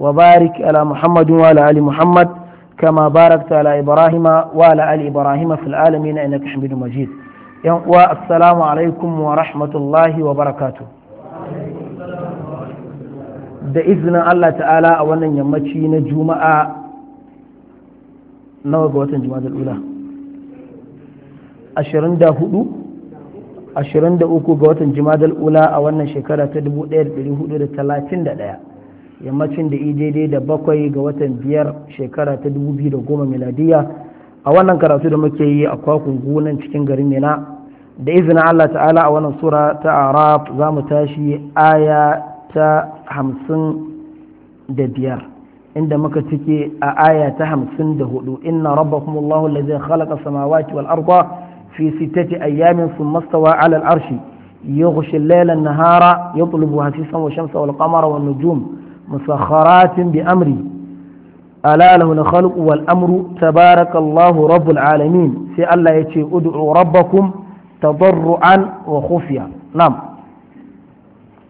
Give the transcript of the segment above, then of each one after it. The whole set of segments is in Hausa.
وبارك على محمد وعلى آل محمد كما باركت على إبراهيم وعلى آل إبراهيم في العالمين إنك حميد مجيد السلام عليكم ورحمة الله وبركاته da izinin Allah ta'ala a wannan yammaci na juma'a nawa ga watan juma'a ula 24 23 ga watan juma'a ula a wannan shekara ta 1431 yammacin da daidai da bakwai ga watan biyar shekara ta dubu biyu da goma miladiya a wannan karatu da muke yi a kwakun gunan cikin garin mina da izinin allah ta'ala a wannan sura ta arab za mu tashi aya ta hamsin da biyar inda muka cike a aya ta hamsin da hudu inna rabbakum allahu allazi khalaqa samawati wal arda fi sittati ayamin thumma stawa ala al arshi يغشي الليل النهار shamsa wal والشمس والقمر والنجوم مسخرات بأمري ألا له الخلق والأمر تبارك الله رب العالمين سي ألا يتي ادعوا ربكم تضرعا وخفيا نعم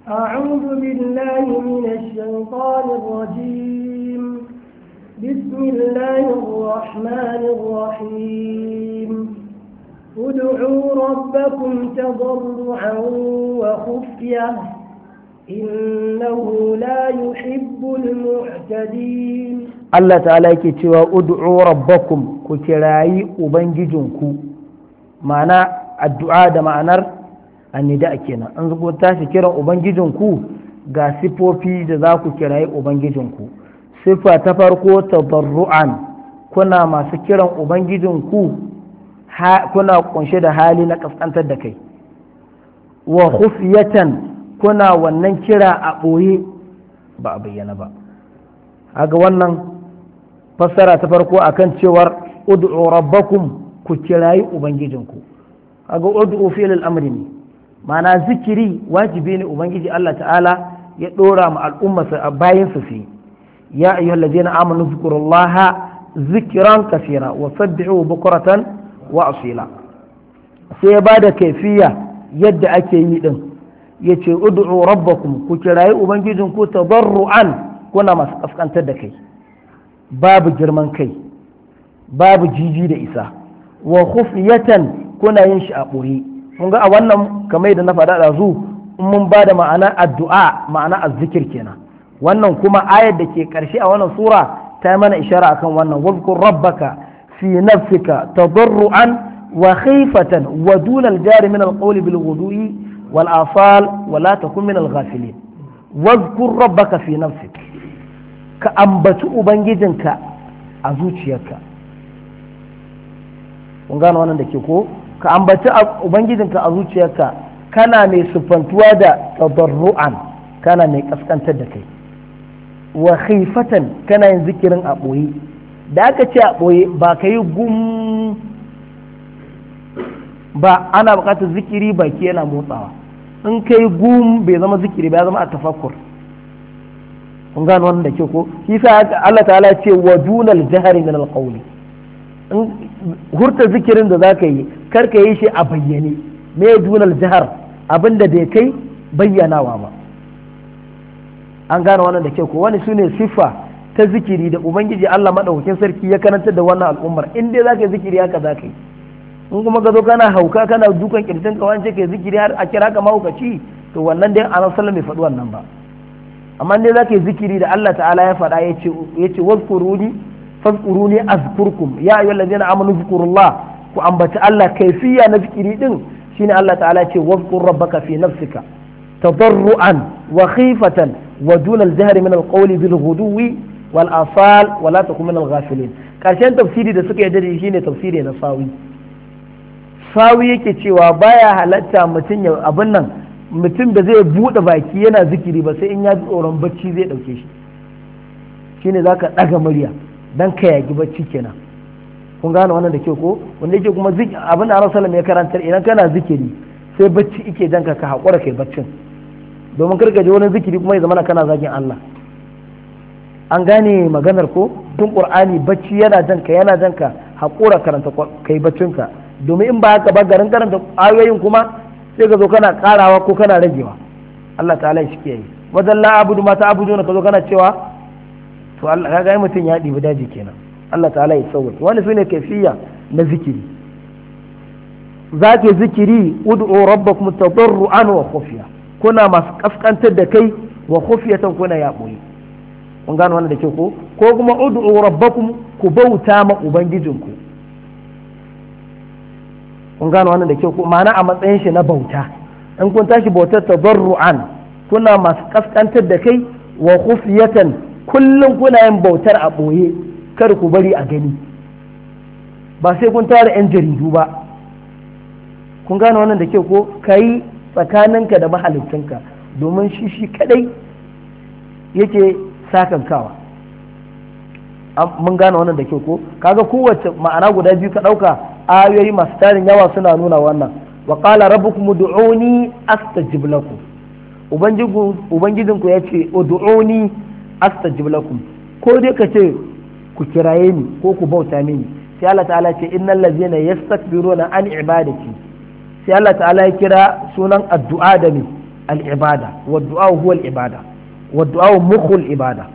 أعوذ بالله من الشيطان الرجيم بسم الله الرحمن الرحيم ادعوا ربكم تضرعا وخفيه إنه لا cewa, المعتدين الله تعالى يكتوى ادعوا ربكم كتراي أبنججنكو معنى الدعاء ده معنى النداء كنا أنزقوا تاسي كرا أبنججنكو ga sifofi da za ku kirayi Ubangijinku, sifa ta farko tabarru'an kuna masu kiran Ubangijinku kuna kunshe da hali na kaskantar da kai, wa khufiyatan kuna wannan kira a ɓoye ba a bayyana ba haga wannan fassara ta farko akan cewar ud'u rabbakum ku kirayi ubangijinku haga ud'u fi'l al-amri ne ma'ana zikiri wajibi ne ubangiji Allah ta'ala ya ɗora ma al'umma a bayan su fi ya ayyuhallazina amanu zkurullaha zikran kaseera wa sabbihu bukratan wa asila sai ya bada kaifiya yadda ake yi din ya ce ud'u rabbakum ku kirayi ubangijin ku tadarru'an kuna masu kaskantar da kai babu girman kai babu jiji da isa wa khufiyatan kuna yin shi a ɓoye kun ga a wannan kamar da na faɗa zu in mun ba da ma'ana addu'a ma'ana azzikir kenan wannan kuma ayar da ke ƙarshe a wannan sura ta yi mana ishara akan wannan wazkur rabbaka fi nafsika tadarru'an wa khifatan wa dunal jari min alqawli bil wal afal wala takun min al ghafilin wazkur rabbaka fi nafsik ka ambaci ubangijinka a zuciyarka kun gano wannan da ke ko ka ambaci ubangijinka a zuciyarka kana mai siffantuwa da tadarru'an kana mai kaskantar da kai wa khifatan kana yin zikirin a ɓoye da aka ce a ɓoye ba ka yi gum ba ana buƙatar zikiri baki yana motsawa in kai gum bai zama zikiri ba ya zama a tafakkur kun gano wannan da ke ko shi sa Allah ta'ala ya ce wa dunal jahari min alqawli in hurta zikirin da zaka yi kar ka yi shi a bayyane me dunal jahar abinda bai kai bayyanawa ba an gano wannan da ke ko wani sune sifa ta zikiri da ubangiji Allah madaukakin sarki ya karantar da wannan al'ummar in dai zaka yi zikiri haka zaka yi in kuma ka zo kana hauka kana dukan kirtin ka wance ke zikiri har a kira ka mahaukaci to wannan dai an sallam bai faɗi wannan ba amma dai zaka yi zikiri da Allah ta'ala ya faɗa yace yace wazkuruni fazkuruni azkurkum ya ayyuhal ladzina amanu zkurullah ku ambaci Allah kaifiya na zikiri din shine Allah ta'ala ce wazkur rabbaka fi nafsika tadarruan wa khifatan wa dun jahri min al bil ghuduwi wal asal wa la takun min karshen tafsiri da suka yi dade shine tafsiri na sawi Fawi yake cewa baya halatta mutum ya abin nan mutum da zai buɗe baki yana zikiri ba sai in ya ji tsoron bacci zai ɗauke shi shine za ka ɗaga murya don ka yagi bacci kenan kun gane wannan da ke ko wanda yake kuma abin da Rasulullah ya karantar idan kana zikiri sai bacci ike don ka haƙura kai baccin domin karka je wani zikiri kuma ya zama kana zagin Allah an gane maganar ko tun ƙur'ani bacci yana janka yana janka haƙura karanta kai baccinka domin in ba ka ba garin karanta ayoyin kuma sai ka zo kana karawa ko kana ragewa Allah ta'ala shi ke yi wajen la abudu mata abudu na ka zo kana cewa to Allah ka ga mutum ya ɗibi daji kenan Allah ta'ala ya sauwa wani sune kafiya na zikiri zaki zikiri ud'u rabbakum tadarruan wa khufiya kuna masu kaskantar da kai wa khufiyatan kuna ya boye kun gano wannan da ke ko ko kuma ud'u rabbakum ku bauta ma ubangijinku kun gano wannan da kyau ma'ana a matsayin shi na bauta in kun tashi bautar ta tadarru'an kuna masu kaskantar da kai wa kufiyatan kullum kuna yin bautar a ɓoye kar ku bari a gani ba sai kun tara yan jaridu ba kun gano wannan da kyau ko ka yi tsakaninka da mahalicinka domin shi shi kadai yake sakankawa mun gano wannan da kyau ko kaga kowace ma'ana guda biyu ka ɗauka. ayoyi masu tarin yawa suna nuna wannan wa qala rabbukum ud'uni astajib lakum ubangijinku ya ce ud'uni astajib lakum ko dai ka ce ku kiraye ni ko ku bauta mini sai Allah ta'ala ce innal ladzina yastakbiruna an ibadati sai Allah ta'ala ya kira sunan addu'a da ni al'ibada ibada wa huwa al'ibada ibada wa du'a mukhul ibada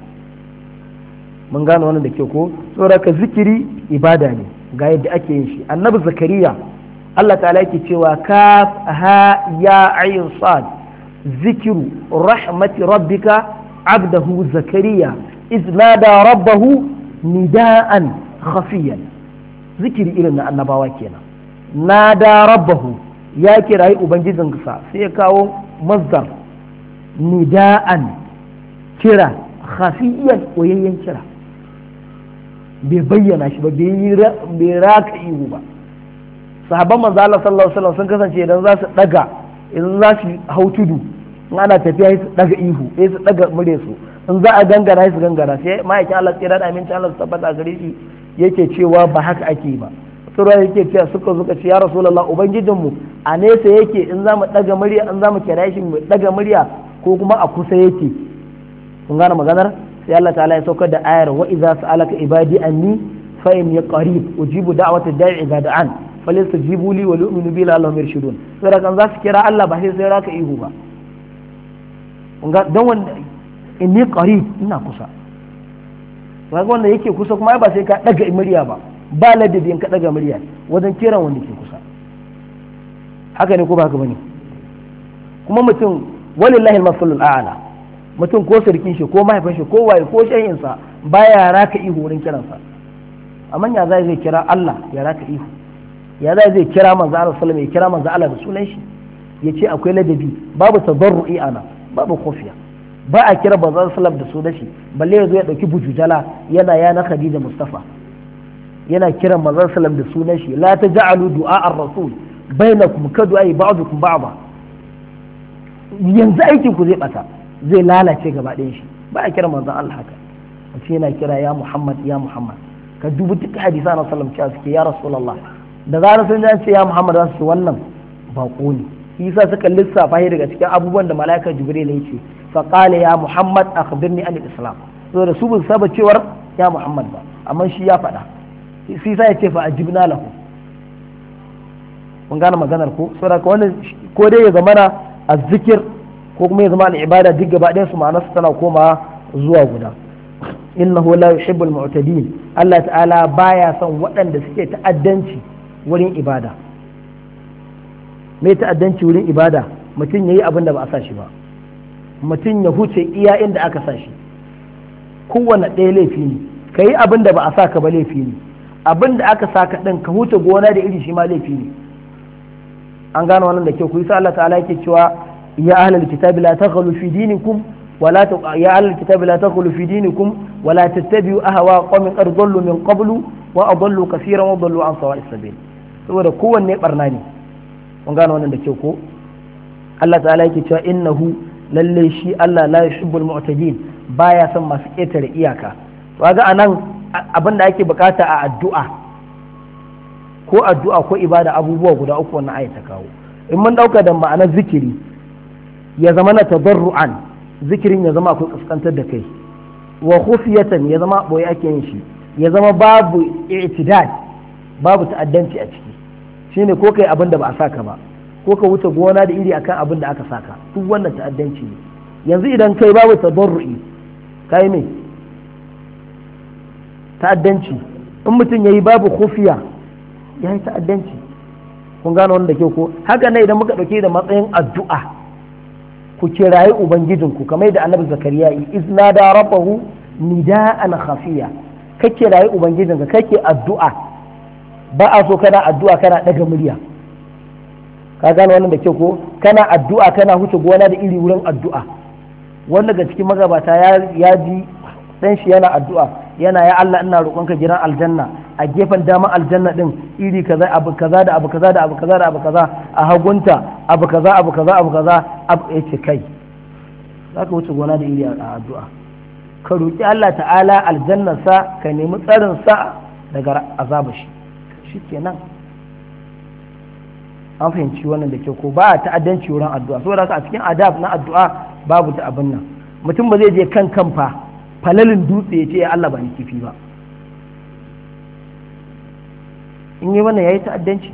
mun gano wannan da ke ko saboda ka zikiri ibada ne ga yadda ake yin shi annabi zakariya Allah ta'ala yake cewa kaf ha ya ayin sad zikiru rahmati rabbika abdahu zakariya iz rabbahu nida'an khafiyan zikiri irin na annabawa kenan nada rabbahu ya kirayi ubangijinsa sai ya kawo mazdar nida'an kira khafiyan koyayyen kira bai bayyana shi ba bai raka ihu ba sahabban manzo Allah sallallahu alaihi wasallam sun kasance idan za su daga idan za su hau tudu in ana tafiya sai su daga ihu sai su daga mure su in za a gangara sai su gangara sai ma'aikin Allah tsira da aminci Allah su tabbata gare shi yake cewa ba haka ake ba sura yake cewa suka zuka ce ya rasulullah ubangijinmu a nesa yake in za mu daga murya in za mu kira shi mu daga murya ko kuma a kusa yake kun gane maganar sai Allah ta'ala ya saukar da ayar wa idza sa'alaka ibadi anni fa inni qarib ujibu da'wata da'i idza da'an falaysa jibuli wa yu'minu bi la'allahum yarshudun sai kan za su kira Allah ba sai sai raka ihu ba ga dan wanda inni qarib ina kusa ga wanda yake kusa kuma ba sai ka daga murya ba ba ladabi in ka daga murya wajen kiran wanda ke kusa haka ne ko ba haka bane kuma mutum walillahi al al a'la mutum ko sarkin shi ko mahaifin shi ko waye ko shahinsa baya raka ihu wurin kiransa amma ya zai zai kira Allah ya raka ihu ya zai zai kira manzo Allah sallallahu ya kira manzo Allah da sunan shi ya ce akwai ladabi babu tadarru'i ana babu kofiya ba a kira manzo sallallahu da sunan shi balle yazo ya dauki bujujala yana yana Khadija Mustafa yana kiran manzo sallallahu da sunan shi la taj'alu du'a ar-rasul bainakum ka du'a ba'dukum ba'da yanzu aikin ku zai bata zai lalace gaba ɗayan shi ba a kira manzon Allah haka mutum yana kira ya Muhammad ya Muhammad ka dubi duk hadisa na sallam cewa suke ya Rasulullah da zarar sun ji ce ya Muhammad za su wannan bako ne yasa suka lissafa shi daga cikin abubuwan da malaika Jibril ya ce fa qala ya Muhammad akhbirni an al-islam so da su ba saba cewar ya Muhammad ba amma shi ya faɗa sai ya ce fa ajibna lahu mun gane maganar ko saboda ko dai ya zamana azzikir ko kuma ya zama al'ibada duk gaba ma'ana su tana koma zuwa guda innahu la yuhibbul mu'tadin Allah ta'ala baya son waɗanda suke ta'addanci wurin ibada Me ta'addanci wurin ibada mutum yayi abin da ba a sa shi ba mutum ya huce iya inda aka sa shi kowane ɗaya laifi ne ka yi abin da ba a sa ka ba laifi ne abin da aka sa ka ɗin ka huce gona da iri shi ma laifi ne an gano wannan da kyau ku yi sa Allah ta'ala yake cewa ya ahlal kitabi la taghlu fi dinikum ولا يا أهل الكتاب لا تغلوا في دينكم ولا تتبعوا أهواء قوم قد ضلوا من قبل وأضلوا كثيرا وضلوا عن سواء السبيل saboda kowanne barna ne kun gano wannan da kyau ko Allah ta'ala yake cewa innahu lalle shi Allah la yuhibbul mu'tadin baya son masu ƙetare iyaka kaga anan abin da ake bukata a addu'a ko addu'a ko ibada abubuwa guda uku wannan ayat kawo in mun ɗauka da ma'anar zikiri ya zama na an zikirin ya zama akwai kaskantar da kai wa khufiyatan ya zama boye ake yin shi ya zama babu i'tidad babu ta'addanci a ciki shine ko kai abin da ba a saka ba ko ka wuce gona da iri akan abin da aka saka duk wannan ta'addanci ne yanzu idan kai babu tabarru'i kai ne ta'addanci in mutum yayi babu khufiya yayi ta'addanci kun gano wanda ke ko haka ne idan muka dauke da matsayin addu'a ku kirayi ubangijinku kamar da annabi zakariya yi izna da rabbahu nida'an khafiya ka kirayi ubangijinka kake addu'a ba a so kana addu'a kana daga murya ka gane wannan da ke ko kana addu'a kana huce gona da iri wurin addu'a wanda ga cikin magabata ya ji dan shi yana addu'a yana ya Allah ina roƙonka gidan aljanna a gefen dama aljanna din iri kaza abu kaza da abu kaza da abu kaza da abu kaza a hagunta abu kaza abu kaza abu kaza abu ya ce kai za ka wuce gona da iri a addu'a ka roƙi Allah ta'ala aljanna sa ka nemi tsarin sa daga azaba shi shikenan an fahimci wannan da ke ko ba a ta'addanci wurin addu'a saboda haka a cikin adab na addu'a babu ta abin nan mutum ba zai je kan kanfa fa falalin dutse ya ce ya Allah ba ni kifi ba in yi wannan ya yi ta'addanci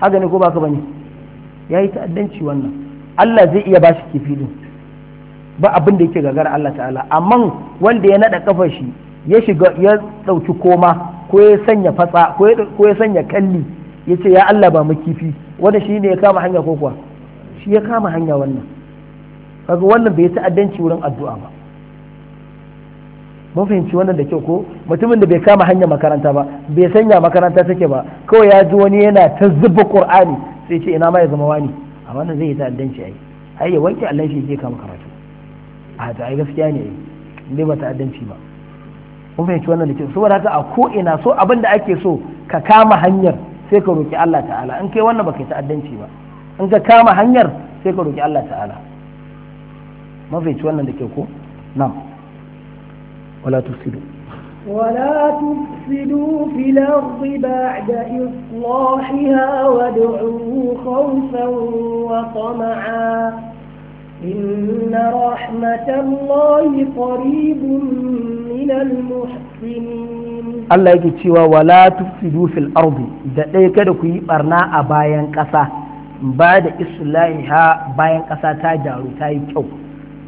haka ne ko ba ka bane ya yi ta'addanci wannan Allah zai iya bashi kifi din ba abin da yake gagara Allah ta'ala amma wanda ya naɗa kafar shi ya shiga ya ɗauki koma ko ya sanya fatsa ko ya sanya kalli ya ce ya Allah ba mu kifi wanda shi ne ya kama hanya ko kuwa shi ya kama hanya wannan kaga wannan bai ta'addanci wurin addu'a ba mun fahimci wannan da kyau ko mutumin da bai kama hanyar makaranta ba bai sanya makaranta take ba kawai ya ji wani yana ta zuba qur'ani sai ce ina ma ya zama wani amma nan zai yi ta'addanci ai ai ya wanke Allah shi je kama karatu a ta ai gaskiya ne ai ba ta'addanci ba mun fahimci wannan da kyau saboda haka a ko ina so abin da ake so ka kama hanyar sai ka roki Allah ta'ala in kai wannan baka yi ta'addanci ba in ka kama hanyar sai ka roki Allah ta'ala fahimci wannan da kyau ko na'am ولا تفسدوا ولا تفسدوا في الأرض بعد إصلاحها وادعوه خوفا وطمعا إن رحمة الله قريب من المحسنين الله يجي cewa ولا تفسدوا في الأرض da ɗaya kada ku yi barna a bayan ƙasa ba da islahiha bayan ƙasa ta jaru ta yi kyau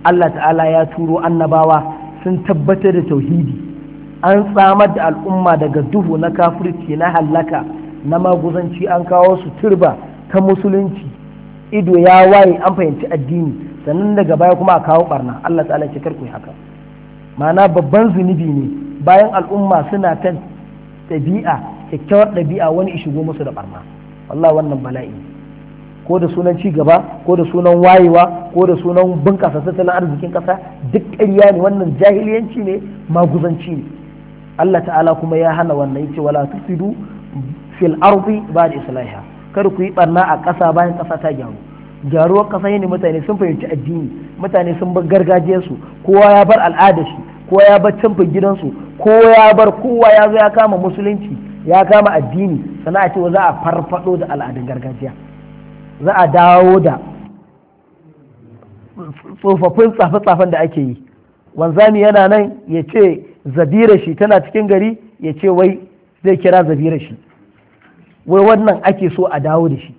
Allah ta'ala ya turo annabawa sun tabbatar da tauhidi an tsamar da al'umma daga duhu na kafirci na hallaka na maguzanci an kawo su turba ta musulunci ido ya waye an fahimci addini sannan daga baya kuma a kawo barna Allah ta'ala ce karku haka ma'ana babban zunubi ne bayan al'umma suna ta ɗabi'a kyakkyawar ɗabi'a wani shigo musu da barna wallahi wannan bala'i ko da sunan ci gaba ko da sunan wayewa ko da sunan bunƙasa tattalin arzikin ƙasa duk ƙarya ne wannan jahiliyanci ne maguzanci ne Allah ta'ala kuma ya hana wannan yace wala tufidu fil ardi ba'da islahiha kar ku yi barna a ƙasa bayan ƙasa ta gyaru gyaruwar ƙasa ne mutane sun fahimci addini mutane sun bar gargajiyarsu kowa ya bar al'adar shi kowa ya bar canfin gidansu kowa ya bar kowa ya zo ya kama musulunci ya kama addini sana'a cewa za a farfado da al'adun gargajiya za a dawo da tsofaffin tsafe-tsafen da ake yi wanzami yana nan ya ce zabira shi tana cikin gari ya ce wai zai kira zabira shi wai wannan ake so a dawo da shi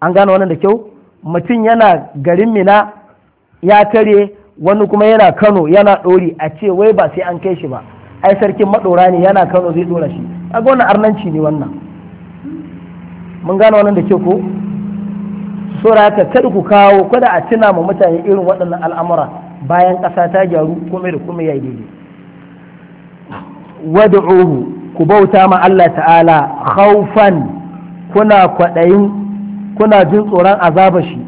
an gane wannan da kyau mutum yana garin mina ya tare wani kuma yana kano yana ɗori a ce wai ba sai an kai shi ba ai sarkin maɗora ne yana kano zai ɗora shi a wannan arnanci ne wannan mun gano wannan da ke ko sura ta kada ku kawo kada a tuna ma mutane irin waɗannan al'amura bayan ƙasa ta gyaru kome da kome ya yi daidai wad'uhu ku bauta ma Allah ta'ala khawfan kuna kwaɗayin kuna jin tsoron azabar shi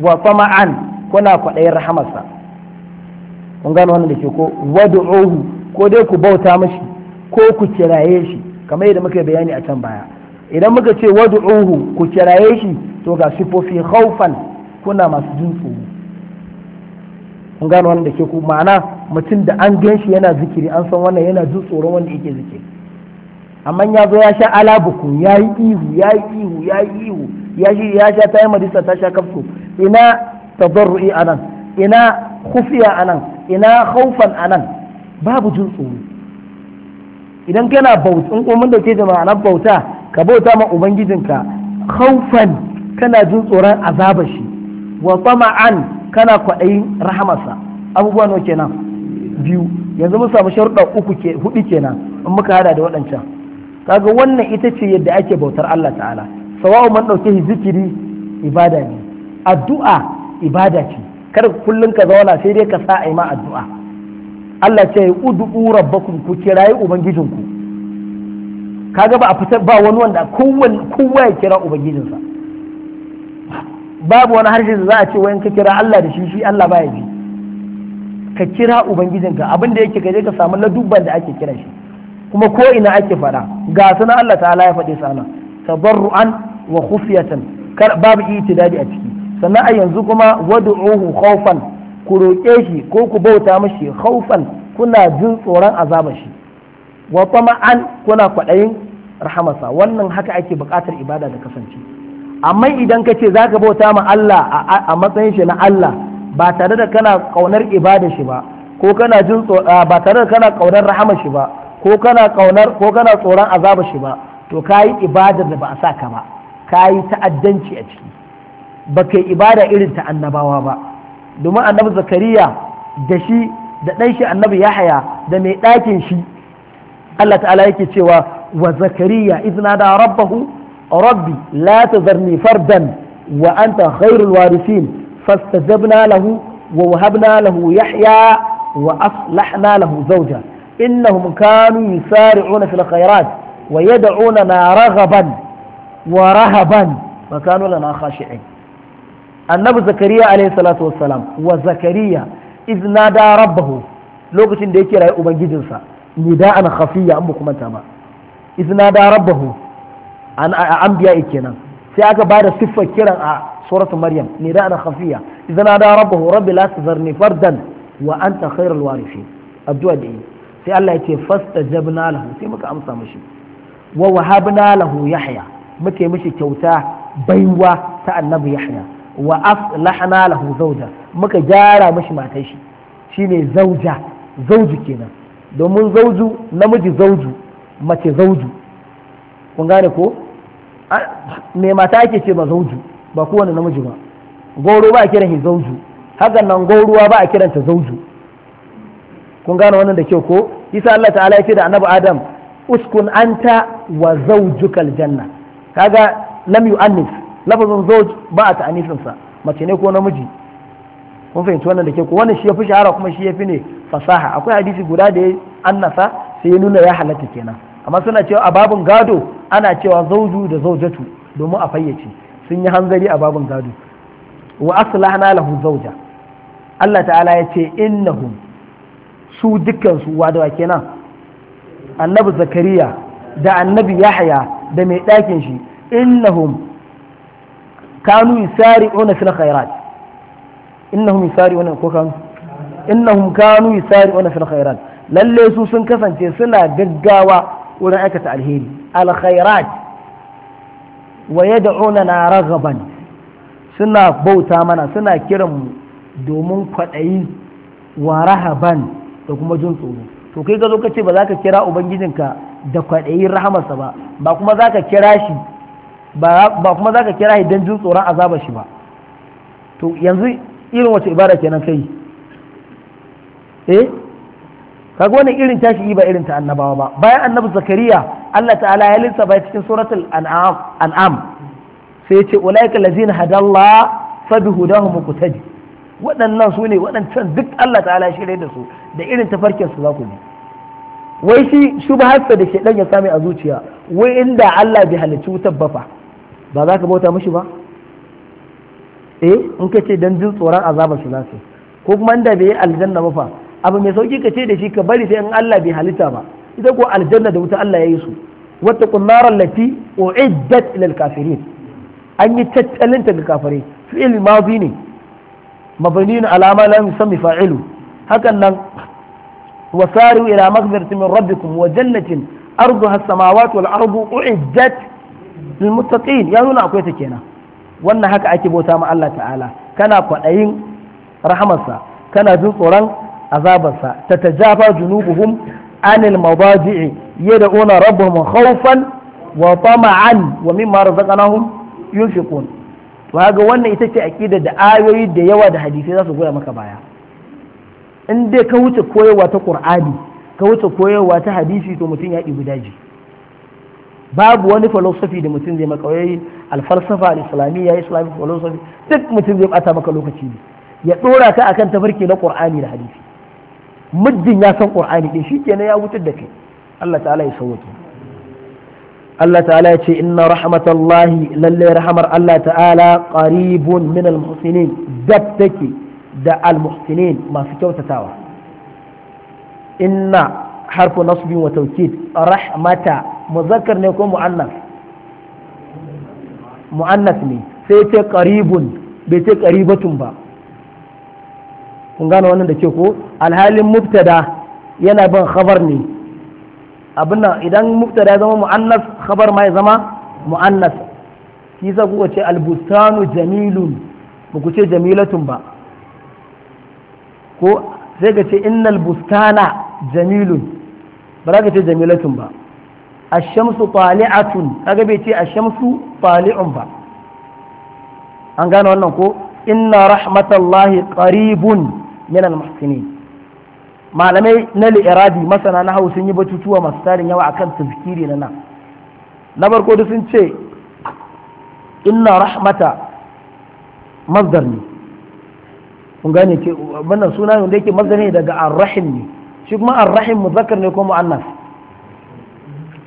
wa tama'an kuna kwaɗayin rahamarsa kun gano wannan da ke ko wad'uhu ko dai ku bauta mashi ko ku kiraye shi kamar yadda muka bayani a can baya idan muka ce wad'uhu ku kiraye shi to ga sifofi haufan kuna masu jin tsoro kun gano wanda ke ku ma'ana mutum da an gan shi yana zikiri an san wannan yana jin tsoron wanda yake zikiri amma ya zo ya sha alabukun ya yi ihu ya yi ihu ya yi ihu ya shi ya sha ta yi madisa ta sha kafso ina tadarru'i anan ina khufiya anan ina khaufan anan babu jin tsoro idan kana bauta in kuma da ke da ma'anar bauta ka bauta ma ubangijinka khaufan kana jin tsoron azaba shi wa tama'an kana kwaɗayin rahamarsa abubuwa nawa kenan biyu yanzu mun samu sharuɗa uku ke hudu kenan in muka hada da waɗancan kaga wannan ita ce yadda ake bautar Allah ta'ala sawa'u man ɗauke zikiri ibada ne addu'a ibada ce kar kullum ka zauna sai dai ka sa a yi ma addu'a Allah ce ud'u rabbakum ku kirayi ubangijinku kaga ba a fitar ba wani wanda kowa ya kira ubangijinsa babu wani harshe da za a ce wayan ka kira Allah da shi shi Allah ya ji ka kira ubangijinka abin da yake gaje ka samu ladubban da ake kira shi kuma ko ina ake fada ga sunan Allah ta'ala ya faɗe sana tabarru'an wa khufiyatan babu itidadi a ciki sannan a yanzu kuma wad'uhu khawfan ku roƙe shi ko ku bauta mashi khawfan kuna jin tsoron azabar shi wa an kuna kwaɗayin rahamarsa wannan haka ake buƙatar ibada da kasance amma idan ka ce za ka bauta ma Allah a matsayin shi na Allah ba tare da kana ƙaunar ibada shi ba ko kana jin ba tare da kana ƙaunar rahama shi ba ko kana ƙaunar ko kana tsoron azaba shi ba to kayi ibada da ba a sa ka ba kayi ta'addanci a ciki ba kai ibada irin ta annabawa ba domin annabi zakariya da shi da ɗan shi annabi yahaya da mai ɗakin shi Allah ta'ala yake cewa wa zakariya izna da rabbahu rabbi la tazarni fardan wa anta khairul warisin fastajabna lahu wa wahabna lahu yahya wa aslahna lahu zawja innahum kanu yusari'una fil khairat wa na raghaban wa rahaban wa kanu lana khashi'in annabi zakariya alayhi salatu wassalam wa zakariya izna da rabbahu lokacin da yake rayu ubangijinsa nida'an khafiyya an kuma ta ba izna da rabbahu an anbiya kenan sai aka ba da siffar kiran a suratu maryam nida'an khafiyya izna da rabbahu rabbi la tazarni fardan wa anta khairul warithin addu'a da yi sai Allah ya ce fastajabna lahu sai muka amsa mishi wa wahabna lahu yahya muke mishi kyauta baiwa ta annabi yahya wa aslahna lahu zawja muka gyara mishi matar shi shine zauja zauji kenan domin zauju namiji zauju mace zauju kun gane ko mai mata ake ce ma zauju ba kowane namiji ba goro ba a kiran shi zauju hakan nan goruwa ba a kiranta zauju kun gane wannan da kyau ko isa Allah ta'ala ya ce da annabi adam uskun anta wa zaujukal janna kaga lam yu'annif lafazin zauj ba a ta'anifinsa mace ne ko namiji kun fahimci wannan da ke wannan shi ya fi shahara kuma shi ya fi ne fasaha akwai hadisi guda da ya annasa sai ya nuna ya halatta kenan amma suna cewa a babin gado ana cewa zauju da zaujatu domin a fayyace sun yi hanzari a babin gado wa aslahna lahu zauja Allah ta'ala ya ce innahum su dukkansu wa da kenan annabi zakariya da annabi yahya da mai ɗakin shi innahum kanu yusari'una fil khairat innahum yusari'una ko kanu innahum kanu yusari'una fil khairat lalle su sun kasance suna gaggawa wurin aikata alheri alkhairat wa yad'una na raghaban suna bauta mana suna kiran mu domin kwaɗayi wa rahaban da kuma jin tsoro to kai ka zo ka ce ba za ka kira ubangijinka da kwaɗayi rahamarsa ba ba kuma za ka kira shi ba kuma za ka kira shi don jin tsoron azabar shi ba to yanzu irin wace ibada kenan kai eh kaga wannan irin tashi ba irin ta annabawa ba bayan annabi zakariya Allah ta'ala ya bai cikin suratul an'am sai ya ce ulaika allazina hadallah fabihudahu muqtadi waɗannan su ne waɗancan duk Allah ta'ala ya shirye da su da irin tafarkin su za ku bi wai shi shubhasa da ke dan ya sami a zuciya wai inda Allah bai halicci wutar ba fa ba za ka bauta mishi ba eh in ka ce dan jin tsoron azabar shi zasu ko kuma inda bai yi aljanna ba fa abu mai sauki ka ce da shi ka bari sai in Allah bai halitta ba ita ko aljanna da wuta Allah ya yi su wata kunnarar lati uiddat ila alkafirin an yi tattalin ta ga kafirai fi'il madi ne mabni ne alama la yusammi fa'ilu hakan nan wasari ila maghfiratin min rabbikum wa jannatin arduha as-samawati wal ardu uiddat lil muttaqin ya nuna akwai ta kenan wannan haka ake bauta ma Allah ta'ala kana kwaɗayin rahamarsa kana jin tsoron azabarsa ta tajafa junubuhum anil mawadi'i yad'una rabbuhum khawfan wa tama'an wa mimma razaqnahum yunfiqun to haka wannan ita ce aqida da ayoyi da yawa da hadisi za su goya maka baya in dai ka wuce koyarwa ta qur'ani ka wuce koyarwa ta hadisi to mutum ya ibi daji babu wani philosophy da mutum zai maka wai alfalsafa al-islamiyya islamic philosophy duk mutum zai bata maka lokaci ne ya dora ka akan tafarki na qur'ani da hadisi muddin ya san qur'ani din shikenan ya wutar da kai Allah ta'ala ya sauke Allah ta'ala ya ce inna rahmatallahi lalle rahmar Allah ta'ala qaribun min al-muhsinin dab take da al-muhsinin masu kyautatawa inna حرف نصب wa taukid مذكر muzakkar ne ko mu'annas mu'annas ne sai ce qaribun bai ce qaribatun ba kun gane wannan da ke ko alhalin mubtada yana ban khabar ne abin nan idan mubtada ya zama mu'annas khabar ma ya zama mu'annas shi sa kuka ce albustanu jamilun ba ku ce jamilatun ba ko sai ka ce innal bustana jamilun ba za ka ce jamilatun ba ashamsu tali'atun kaga bai ce ashamsu tali'un ba an gane wannan ko inna rahmatallahi qaribun min almuhsinin malamai na liradi masana na hausun yi batutuwa masu tarin yawa akan tazkiri na nan na farko da sun ce inna rahmata masdar ne kun gane ke wannan suna yadda yake masdar ne daga arrahim ne shi kuma arrahim muzakkar ne ko mu'annas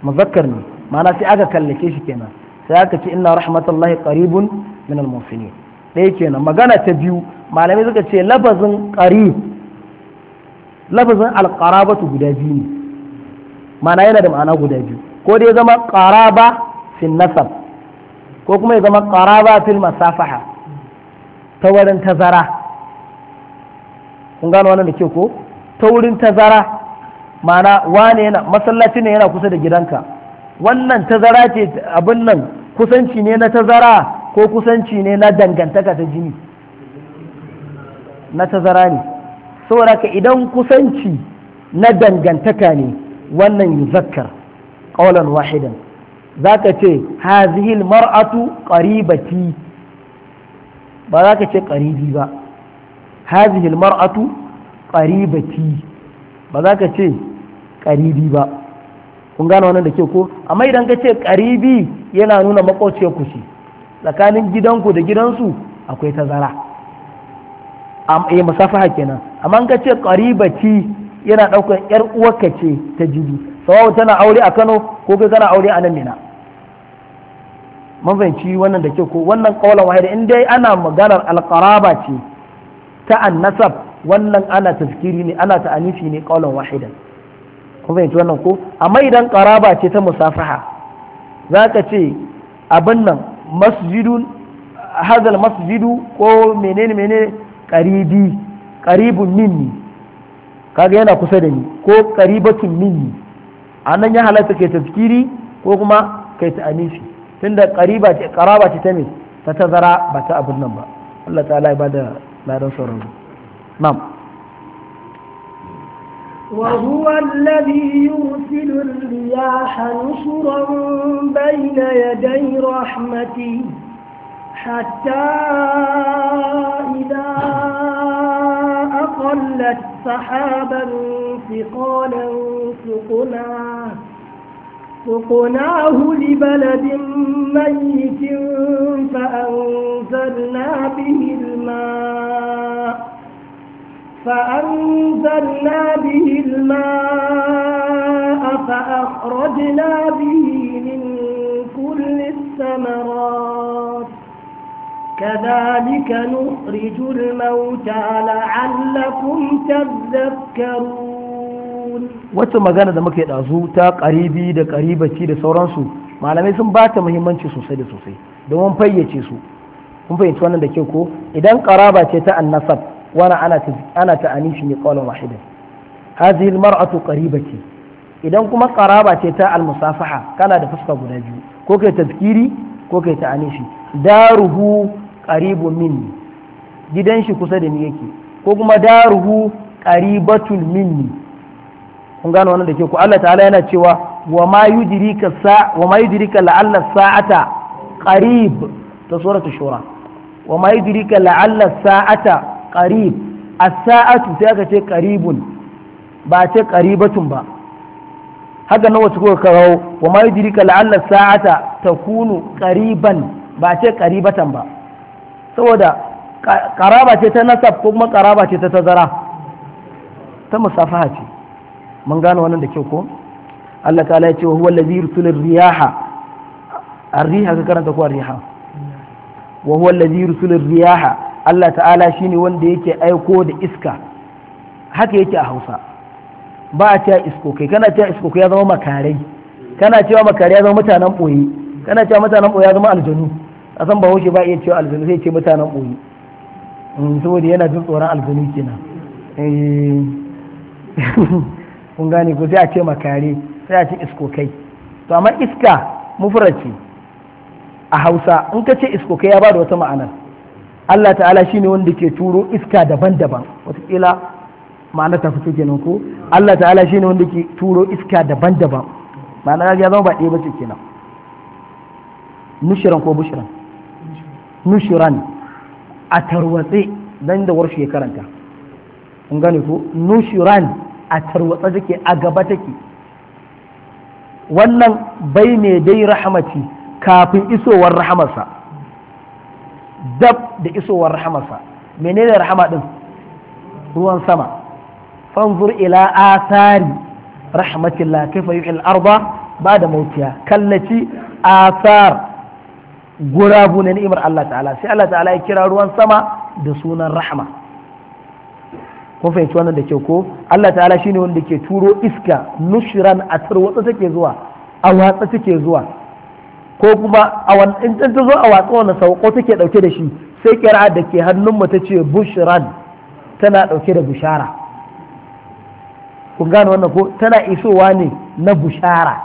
muzakkar ne ma'ana sai aka kallake shi kenan sai aka ce inna rahmatullahi qaribun min al-muhsinin ɗaya kenan magana ta biyu malamai suka ce labazin qarib labazin alqarabatu guda biyu ne ma'ana yana da ma'ana guda biyu ko dai zama qaraba fil nasab ko kuma ya zama qaraba fil masafaha ta wurin tazara kun gano wannan da ke ko ta wurin tazara mana wane yana masallaci ne yana kusa da gidanka wannan tazara ce abin nan kusanci ne na tazara ko kusanci ne na dangantaka ta jini na tazara ne saboda ka idan kusanci na dangantaka ne wannan zakkar, ƙaunar wahidan za ka ce hazihil mar'atu ƙaribati ba za ka ce ƙaribi ba hazihil mar'atu qaribati ba za ka ce qaribi ba kun gane wannan da ke ko amma idan ka ce qaribi yana nuna makwaciyar ku shi, tsakanin gidanku da gidansu akwai tazara eh musafaha kenan amma ka ce qaribati yana ɗaukar yar uwarka ce ta jibi sawawa tana aure a Kano ko kai tana aure a nan Mina mafanci wannan da ke ko wannan kawalan wahida in dai ana maganar alƙaraba ce ta annasab wannan ana tafkiri ne ana ta'anifi ne qaulan wahidan kun fahimci wannan ko amma idan qaraba ce ta musafaha za ka ce abin nan masjidun hadal masjidu ko menene menene karibi karibun minni kaga yana kusa da ni ko karibatun minni nan ya halatta kai tafkiri ko kuma kai ta'anifi tunda qariba ce qaraba ce ta ne ta tazara ba ta abin nan ba Allah ta ya bada ladan sauran نعم وهو الذي يرسل الرياح نشرا بين يدي رحمته حتى إذا أقلت سحابا ثقالا سقناه سقناه لبلد ميت فأنزلنا به الماء فأنزلنا به الماء فأخرجنا به من كل الثمرات كذلك نخرج الموتى لعلكم تذكرون wata magana da muke ɗazu ta ƙaribi da ƙaribaci da sauransu malamai sun ba ta muhimmanci sosai da sosai domin fayyace su kun fahimci wannan da kyau ko idan ƙaraba ce ta annasab وانا انا تانيشني قولا واحدا هذه المرأة قريبتي idan kuma karaba ce ta almusafaha kana da fuska guda biyu ko kai tazkiri ko kai ta anishi daruhu qaribu minni gidan shi kusa da ni yake ko kuma daruhu qaribatul minni kun gano wannan da ke ku Allah ta'ala yana cewa wa ma yudrika sa wa ma yudrika la'alla sa'ata qarib ta suratu shura wa ma yudrika la'alla sa'ata qarib as-sa'atu sai aka ce qaribun ba ce qaribatun ba haka nan wasu kuka kawo wa ma yudrika la'alla sa'ata takunu qariban ba ce qaribatan ba saboda karaba ce ta nasab ko kuma karaba ce ta tazara ta musafaha ce mun gano wannan da kyau ko Allah ta ya ce wa huwa allazi yursilu riyaha ar-riha ka karanta ko ar-riha wa huwa allazi yursilu riyaha Allah ta'ala shi ne wanda yake aiko da iska haka yake a hausa ba a cewa iskokai kana cewa iskokai ya zama makarai kana cewa makarai ya zama mutanen ɓoye kana cewa mutanen ɓoye ya zama aljanu a san bahaushe ba iya cewa aljanu sai ce mutanen ɓoye mm, saboda yana jin tsoron aljanu kenan eh, kun gane ko sai a ce makare sai a ce iskokai to amma iska mufurace a hausa in ka ce iskokai ya ba da wata ma'anar Allah ta'ala shine wanda ke turo iska daban-daban wataƙila ma'ana ta fito kenan ko Allah ta'ala shine wanda ke turo iska daban-daban ma'ana ya zama ba ɗaya bace kenan nushiran ko bushiran nushiran a tarwatse dan da warshe ya karanta in gane ko nushiran a tarwatse take a gaba take wannan bai ne dai rahamati kafin isowar rahamarsa dab da isowar rahamarsa menene rahama din ruwan sama fanzur ila athari rahmatillah kaifa yuhil arda ba'da mautiha kallaci athar gurabu na ni'imar Allah ta'ala sai Allah ta'ala ya kira ruwan sama da sunan rahama kun fahimci wannan da ke ko Allah ta'ala shine wanda ke turo iska nushran a tarwatsa take zuwa a watsa take zuwa ko kuma a in ta zo a watsa wannan sauko take dauke da shi sai kira da ke mu ta ce bushran tana dauke da bushara kun gane wannan ko tana isowa ne na bushara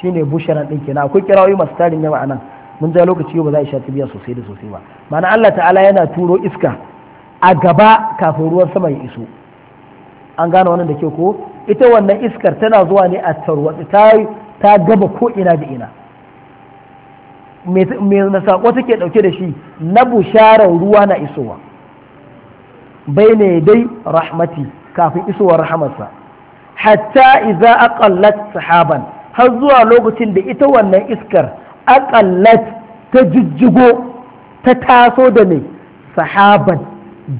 shine bushran din kenan akwai kirawoyi masu tarin yawa anan mun ja lokaci ba za a sha biya sosai da sosai ba Mana Allah ta'ala yana turo iska a gaba kafin ruwan sama ya iso an gane wannan da ke ko ita wannan iskar tana zuwa ne a tarwatsi ta ta gaba ko ina da ina Mai saƙo wata take dauke da shi na busharar ruwa na isowa bai ne dai rahmati kafin isowar rahamarsa hatta idza aqallat sahaban har zuwa lokacin da ita wannan iskar aqallat ta jijjigo ta taso da ne sahaban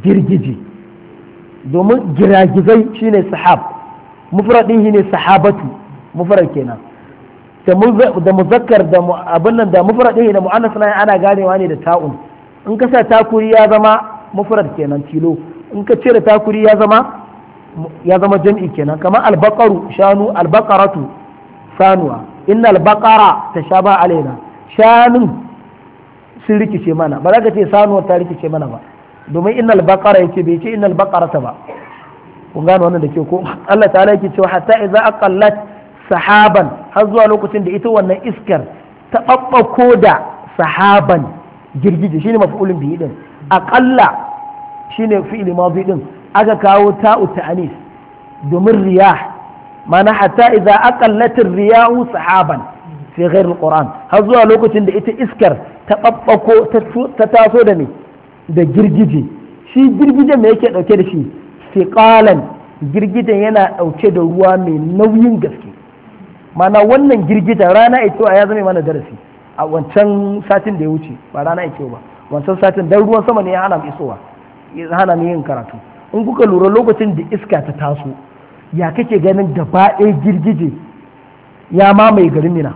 girgije. domin giragizai shine sahab mufradin shine sahabatu mufrad kenan da muzakkar da abin nan da mufrad da mu'annas na ana ganewa ne da ta'un in ka sa takuri ya zama mufrad kenan tilo in ka cire takuri ya zama ya zama jam'i kenan kamar albaqaru shanu albaqaratu sanuwa innal baqara tashaba alaina shanun sun rikice mana ba za ka ce sanuwa ta rikice mana ba domin innal baqara yake bai ce innal baqarata ba kun gano wannan da ke ko Allah ta'ala yake cewa hatta idza aqallat sahaban har zuwa lokacin da ita wannan iskar ta babbako da sahaban girgije shine maf'ulun bihi din aƙalla shine fi'il madi din aka kawo ta'u ta'anis domin riyah mana hatta idza aqallat ar-riyahu sahaban fi ghairi quran har zuwa lokacin da ita iskar ta babbako ta taso da da girgije shi girgije me yake dauke da shi fiqalan girgijen yana dauke da ruwa mai nauyin gaske mana wannan girgita rana ito a ya zama mana darasi a wancan satin da ya wuce ba rana ito ba wancan satin dan ruwan sama ne ya hana mu isowa ya hana mu yin karatu in kuka lura lokacin da iska ta taso ya kake ganin gaba ɗaya girgije ya mamaye garin mina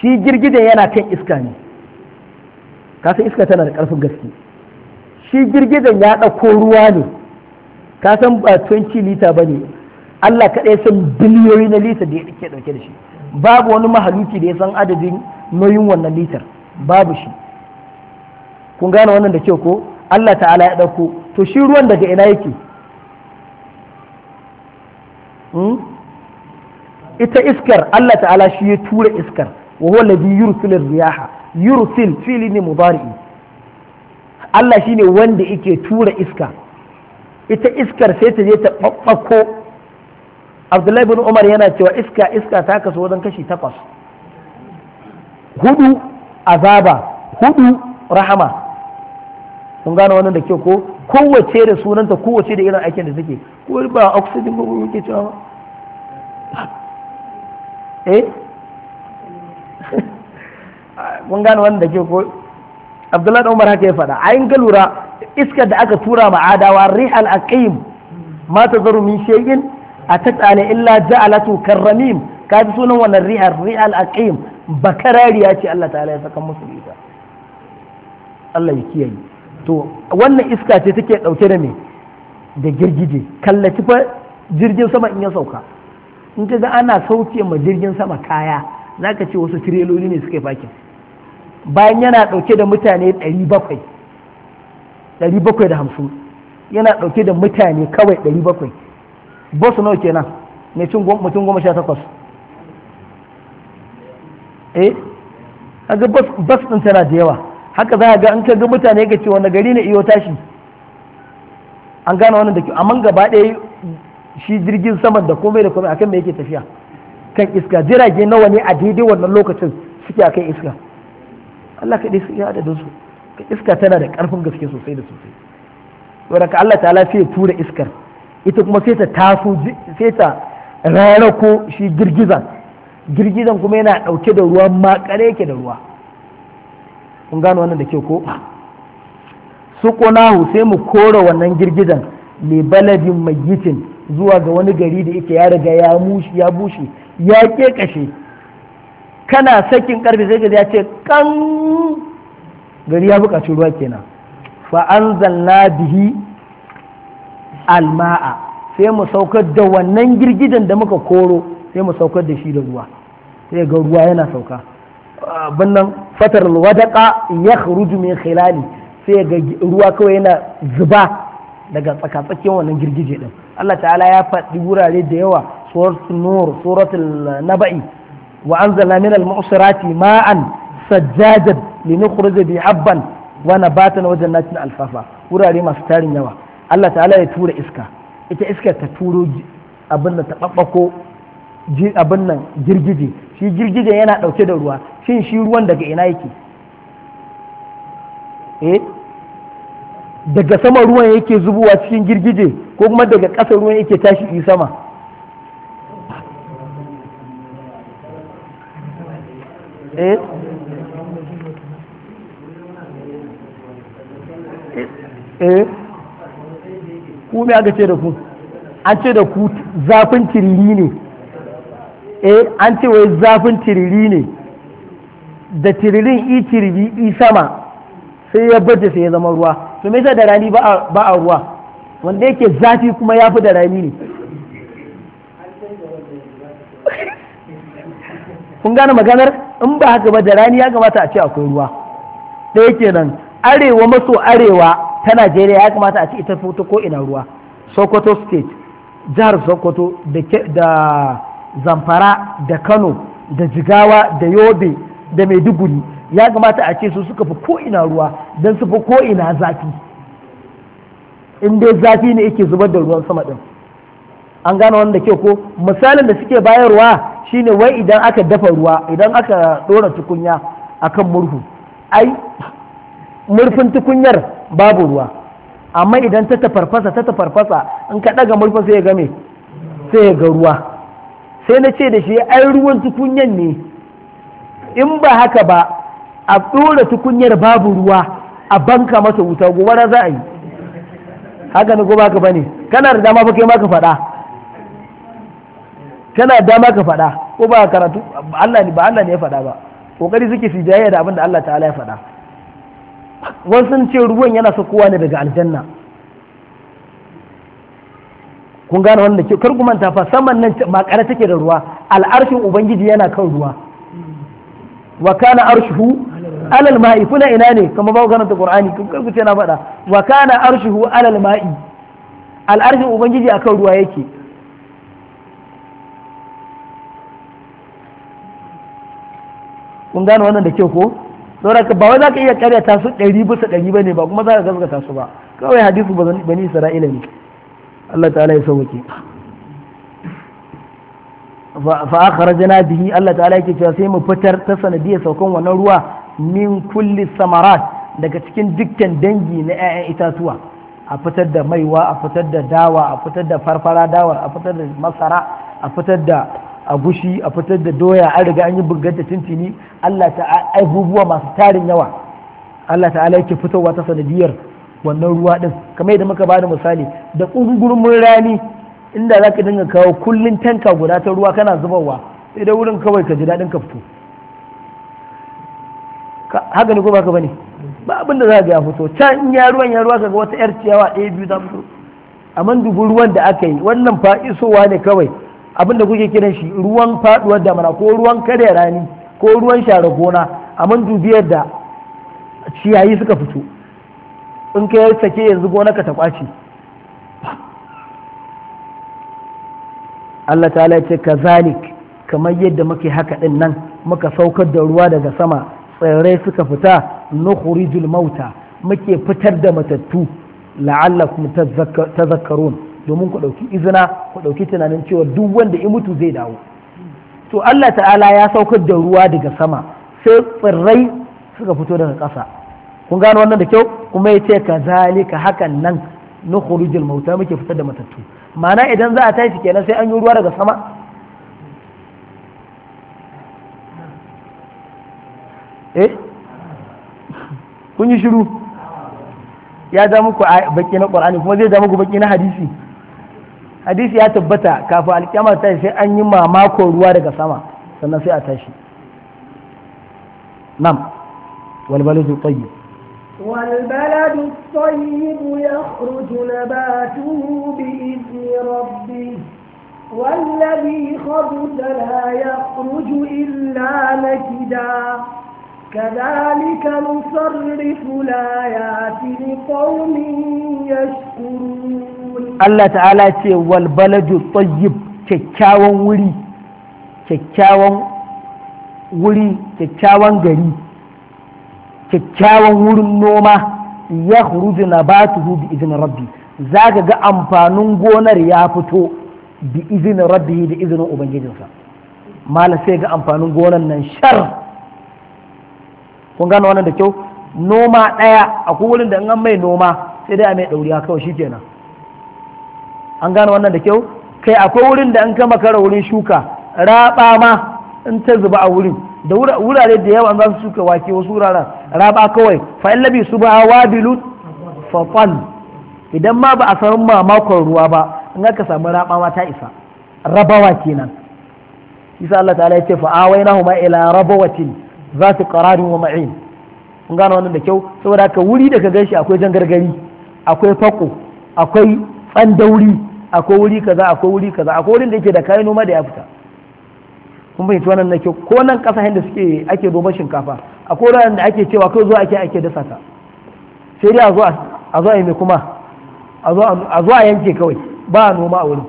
shi girgijen yana kan iska ne kasan iska tana da ƙarfin gaske shi girgijen ya ɗauko ruwa ne kasan ba 20 lita ba ne Allah kaɗai san biliyoyi na litar da ya ɗauke ɗauke da shi babu wani mahaluki da ya san adadin nauyin wannan litar babu shi kun gane wannan da kyau ko Allah ta'ala ya ɗauko to shi ruwan daga ina yake hmm? ita iskar Allah ta'ala shi ya tura iskar wa huwa ladhi filin riyaha yursil fili ne mudari Allah shine wanda yake tura iska ita iskar sai ta je ta babbako abdullahi bin umar yana cewa iska iska ta kasu wajen kashi takwas hudu azaba hudu rahama kun gano wannan da kyau ko kowace da sunanta kowace da irin aikin da suke ko ba oxygen ko ke cewa eh kun gano wannan da kyau ko abdullahi bin umar haka ya faɗa a yin lura iska da aka tura ma adawa rihal aqim ma tazaru min shay'in a tatsale illa ja'alatu karramim ka fi sunan wannan rial ri'al aqim bakarariya ce Allah ta'ala ya saka musu ita Allah ya kiyaye to wannan iska ce take dauke da me da girgije kallaci fa jirgin sama in ya sauka in ka ga ana sauke ma jirgin sama kaya zaka ce wasu tireloli ne suka yi fakin bayan yana dauke da mutane 700 750 yana dauke da mutane kawai 700 boss nawa kenan mai cin mutum goma sha takwas eh kaga bas ɗin tana da yawa haka za a ga an kaga mutane ga cewa na gari ne iyo tashi an gane wannan da kyau amma gaba ɗaya shi jirgin saman da komai da komai akan me yake tafiya kan iska jirage nawa ne a daidai wannan lokacin suke akan iska Allah kaɗai su iya adadin su iska tana da ƙarfin gaske sosai da sosai ka Allah ta'ala sai ya tura iskar ita kuma sai ta taso sai ta ko shi girgizan girgizan kuma yana ɗauke da ruwa makare yake da ruwa kun gano wannan da ke ko su ƙonahu sai mu kora wannan girgizan mai baladin mayitin zuwa ga wani gari da yake ya riga ya mushi ya bushe ya ƙeƙashe kana sakin karfe sai ga ya ce kan gari ya buƙaci ruwa kenan fa anzalna bihi alma'a sai mu saukar da wannan girgidan da muka koro sai mu saukar da shi da ruwa sai ga ruwa yana sauka abin nan fatar wadaka ya kharuju min khilali sai ga ruwa kawai yana zuba daga tsakatsakiyar wannan girgije din Allah ta'ala ya faɗi wurare da yawa suratul nur suratul naba'i wa anzalna min al-mu'sirati ma'an sajjadan linukhrijubi habban wa nabatan wa jannatin alfafa wurare masu tarin yawa Allah ta'ala ya tura iska ita iska ta turo abin da ta babbako abin nan girgije shi girgije yana dauke da ruwa shin shi ruwan daga ina yake eh daga sama ruwan yake zubowa cikin girgije ko kuma daga ƙasa ruwan yake tashi yi sama eh eh, eh? ku me aka ce da ku an ce da ku zafin tiriri ne eh an ce wai zafin tiriri ne da tiririn i tiriri i sama sai ya baje sai ya zama ruwa to me yasa da rani ba a ruwa wanda yake zafi kuma ya fi da rani ne kun gane maganar in ba haka ba da rani ya kamata a ce akwai ruwa ɗaya kenan arewa maso arewa ta Najeriya ya kamata a ce ita fito ko ina ruwa Sokoto state jihar Sokoto da Zamfara da Kano da Jigawa da Yobe da Maiduguri ya kamata a ce su suka fi ko ina ruwa don su fi ko ina zafi in dai zafi ne yake zubar da ruwan sama ɗin. an gano wanda ke ko misalin da suke bayarwa shine wai idan aka dafa ruwa idan aka dora tukunya akan murhu ai murfin tukunyar babu ruwa amma idan ta tafarfasa ta tafarfasa in ka ɗaga murfin sai ya game sai ya ga ruwa sai na ce da shi ai ruwan tukunyar ne in ba haka ba a ɗora tukunyar babu ruwa a banka masa wuta gobara za a yi haka ne ko ba ka bane kana da dama fa maka fada ka kana da dama ka faɗa ko ba karatu Allah ne ba Allah ne ya faɗa ba kokari suke su jayayya da abin da Allah ta'ala ya faɗa wasu ce ruwan yana sakowa ne daga aljanna kun gane wannan ke kar manta fa saman nan makare take da ruwa al'arshin ubangiji yana kan ruwa wa kana arshuhu alal ma'i kuna ina ne kamar ba ku karanta qur'ani kun kar ku ce na faɗa wa kana arshuhu alal ma'i al'arshin ubangiji akan ruwa yake kun gane wannan da ke ko saboda ba wai zaka iya karyata su ɗari bisa ɗari ba ne ba kuma za ka gaskata su ba kawai hadisu bani isra'ila ne Allah ta'ala ya sauke fa akhrajna bihi Allah ta'ala yake cewa sai mu fitar ta sanadiyar saukan wannan ruwa min kulli samarat daga cikin dukkan dangi na 'ya'yan itatuwa a fitar da maiwa a fitar da dawa a fitar da farfara dawa a fitar da masara a fitar da a gushi a fitar da doya an riga an yi buganta tintini Allah ta abubuwa masu tarin yawa Allah ta'ala yake fitowa ta sanadiyar wannan ruwa din kamar yadda muka bada misali da ƙungurmin rani inda za ka dinga kawo kullun tanka guda ta ruwa kana zubarwa sai dai wurin kawai ka ji daɗin ka fito haka ne ko baka bane ba abin da za ka ya fito can in ya ruwan ya ruwa ga wata yar ciyawa ɗaya biyu ta fito amma dubu ruwan da aka yi wannan fa isowa ne kawai abin da kuke kiran shi ruwan faduwar damana ko ruwan karya rani ko ruwan share gona a mun dubiyar da ciyayi suka fito in ka yi sake yanzu gona ka ta kwace Allah ta ce ka zalik kamar yadda muke haka din nan muka saukar da ruwa daga sama tsirrai suka fita nukhrijul mauta muke fitar da matattu la'allakum tazakkarun domin ku ɗauki izina ku ɗauki tunanin cewa duk wanda ya mutu zai dawo to Allah ta'ala ya saukar da ruwa daga sama sai tsirrai suka fito daga ƙasa kun gano wannan da kyau kuma ya ce ka zalika hakan nan na khurujul mauta muke fitar da matattu ma'ana idan za a tashi kenan sai an yi ruwa daga sama eh kun yi shiru ya ja muku baki na ƙwarani kuma zai ja muku baki na hadisi hadisi ya tabbata kafin alƙiyama ta sai an yi mamako ruwa daga sama sannan sai a tashi nam والبلد الطيب والبلد الطيب يخرج نباته بإذن ربه والذي خبث لا يخرج إلا نكدا كذلك نصرف الآيات لقوم يشكرون الله تعالى والبلد الطيب كيكاوان ولي كيكاوان ولي كيكاوان gari kyakkyawan wurin noma ya huruji na ba bi izinin rabbi za ga ga amfanin gonar ya fito bi izinin rabbi da izinin ubangijinsa Malam sai ga amfanin gonar nan shar kun gano wannan da kyau noma ɗaya a wurin da in an mai noma sai dai a mai ɗauriya kawai shi kenan an gano wannan da kyau kai akwai wurin da an kama kara wurin shuka raɓa ma in ta zuba a wurin da wurare da yawa za su shuka wake wasu wuraren raba kawai fa in labi su ba wabilu fafan idan ma ba a samu mamakon ruwa ba in aka samu raɓa ma ta isa rabawa kenan isa Allah ta'ala ya ce fa huma ila rabawatin za su qararin wa ma'in kun gano wannan da kyau saboda haka wuri da ka ganshi akwai jangargari akwai fako akwai tsandauri akwai wuri kaza akwai wuri kaza akwai wurin da yake da kayan noma da ya fita kun fahimci wannan na kyau ko nan ƙasa da suke ake noma shinkafa akwai wurin da ake cewa kai zo ake ake dasa ta sai dai a zo a zo a yi mai kuma a zo a yanke kawai ba a noma a wuri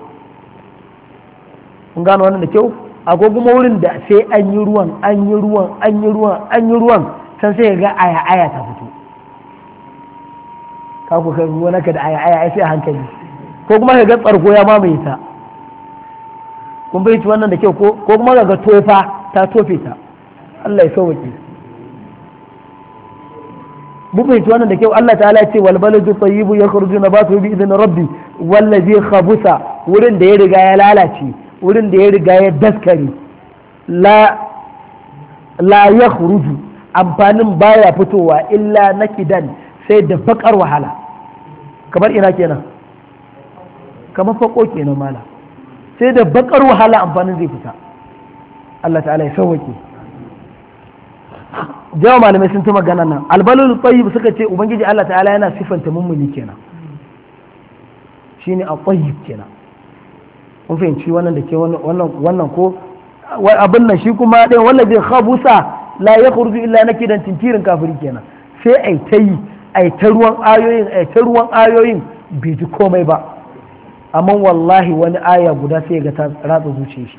kun gano wannan da kyau akwai kuma wurin da sai an yi ruwan an yi ruwan an yi ruwan an yi ruwan can sai ga aya aya ta fito ka ku ka ruwa naka da aya aya sai a hankali ko kuma ka ga tsarko ya mamaye ta kun bai wannan da kyau ko kuma ka ga tofa ta tofe ta Allah ya sauke mu bai wannan da kyau Allah ta'ala ya ce wal baladu tayyibu yakhruju nabatu bi idni rabbi ladhi khabusa wurin da ya riga ya lalace wurin da ya riga ya daskari la ya huruju amfanin baya fitowa illa na kidan sai da bakar wahala kamar ina kenan kamar fako kenan mala sai da bakar wahala amfanin zai fita Allah ta'ala ya sauwake jawa malamai sun ta magana nan albalul tsayi suka ce ubangiji Allah ta'ala yana sifanta mummuni kenan shine a tayyib kenan kun fahimci wannan da ke wannan ko abin nan shi kuma ɗaya wannan zai habusa la ya kurzu illa na kidan tintirin kafiri kenan sai a ta yi ai ta ruwan ayoyin ta ruwan ayoyin bai ji komai ba amma wallahi wani aya guda sai ga ta ratsa zuciya shi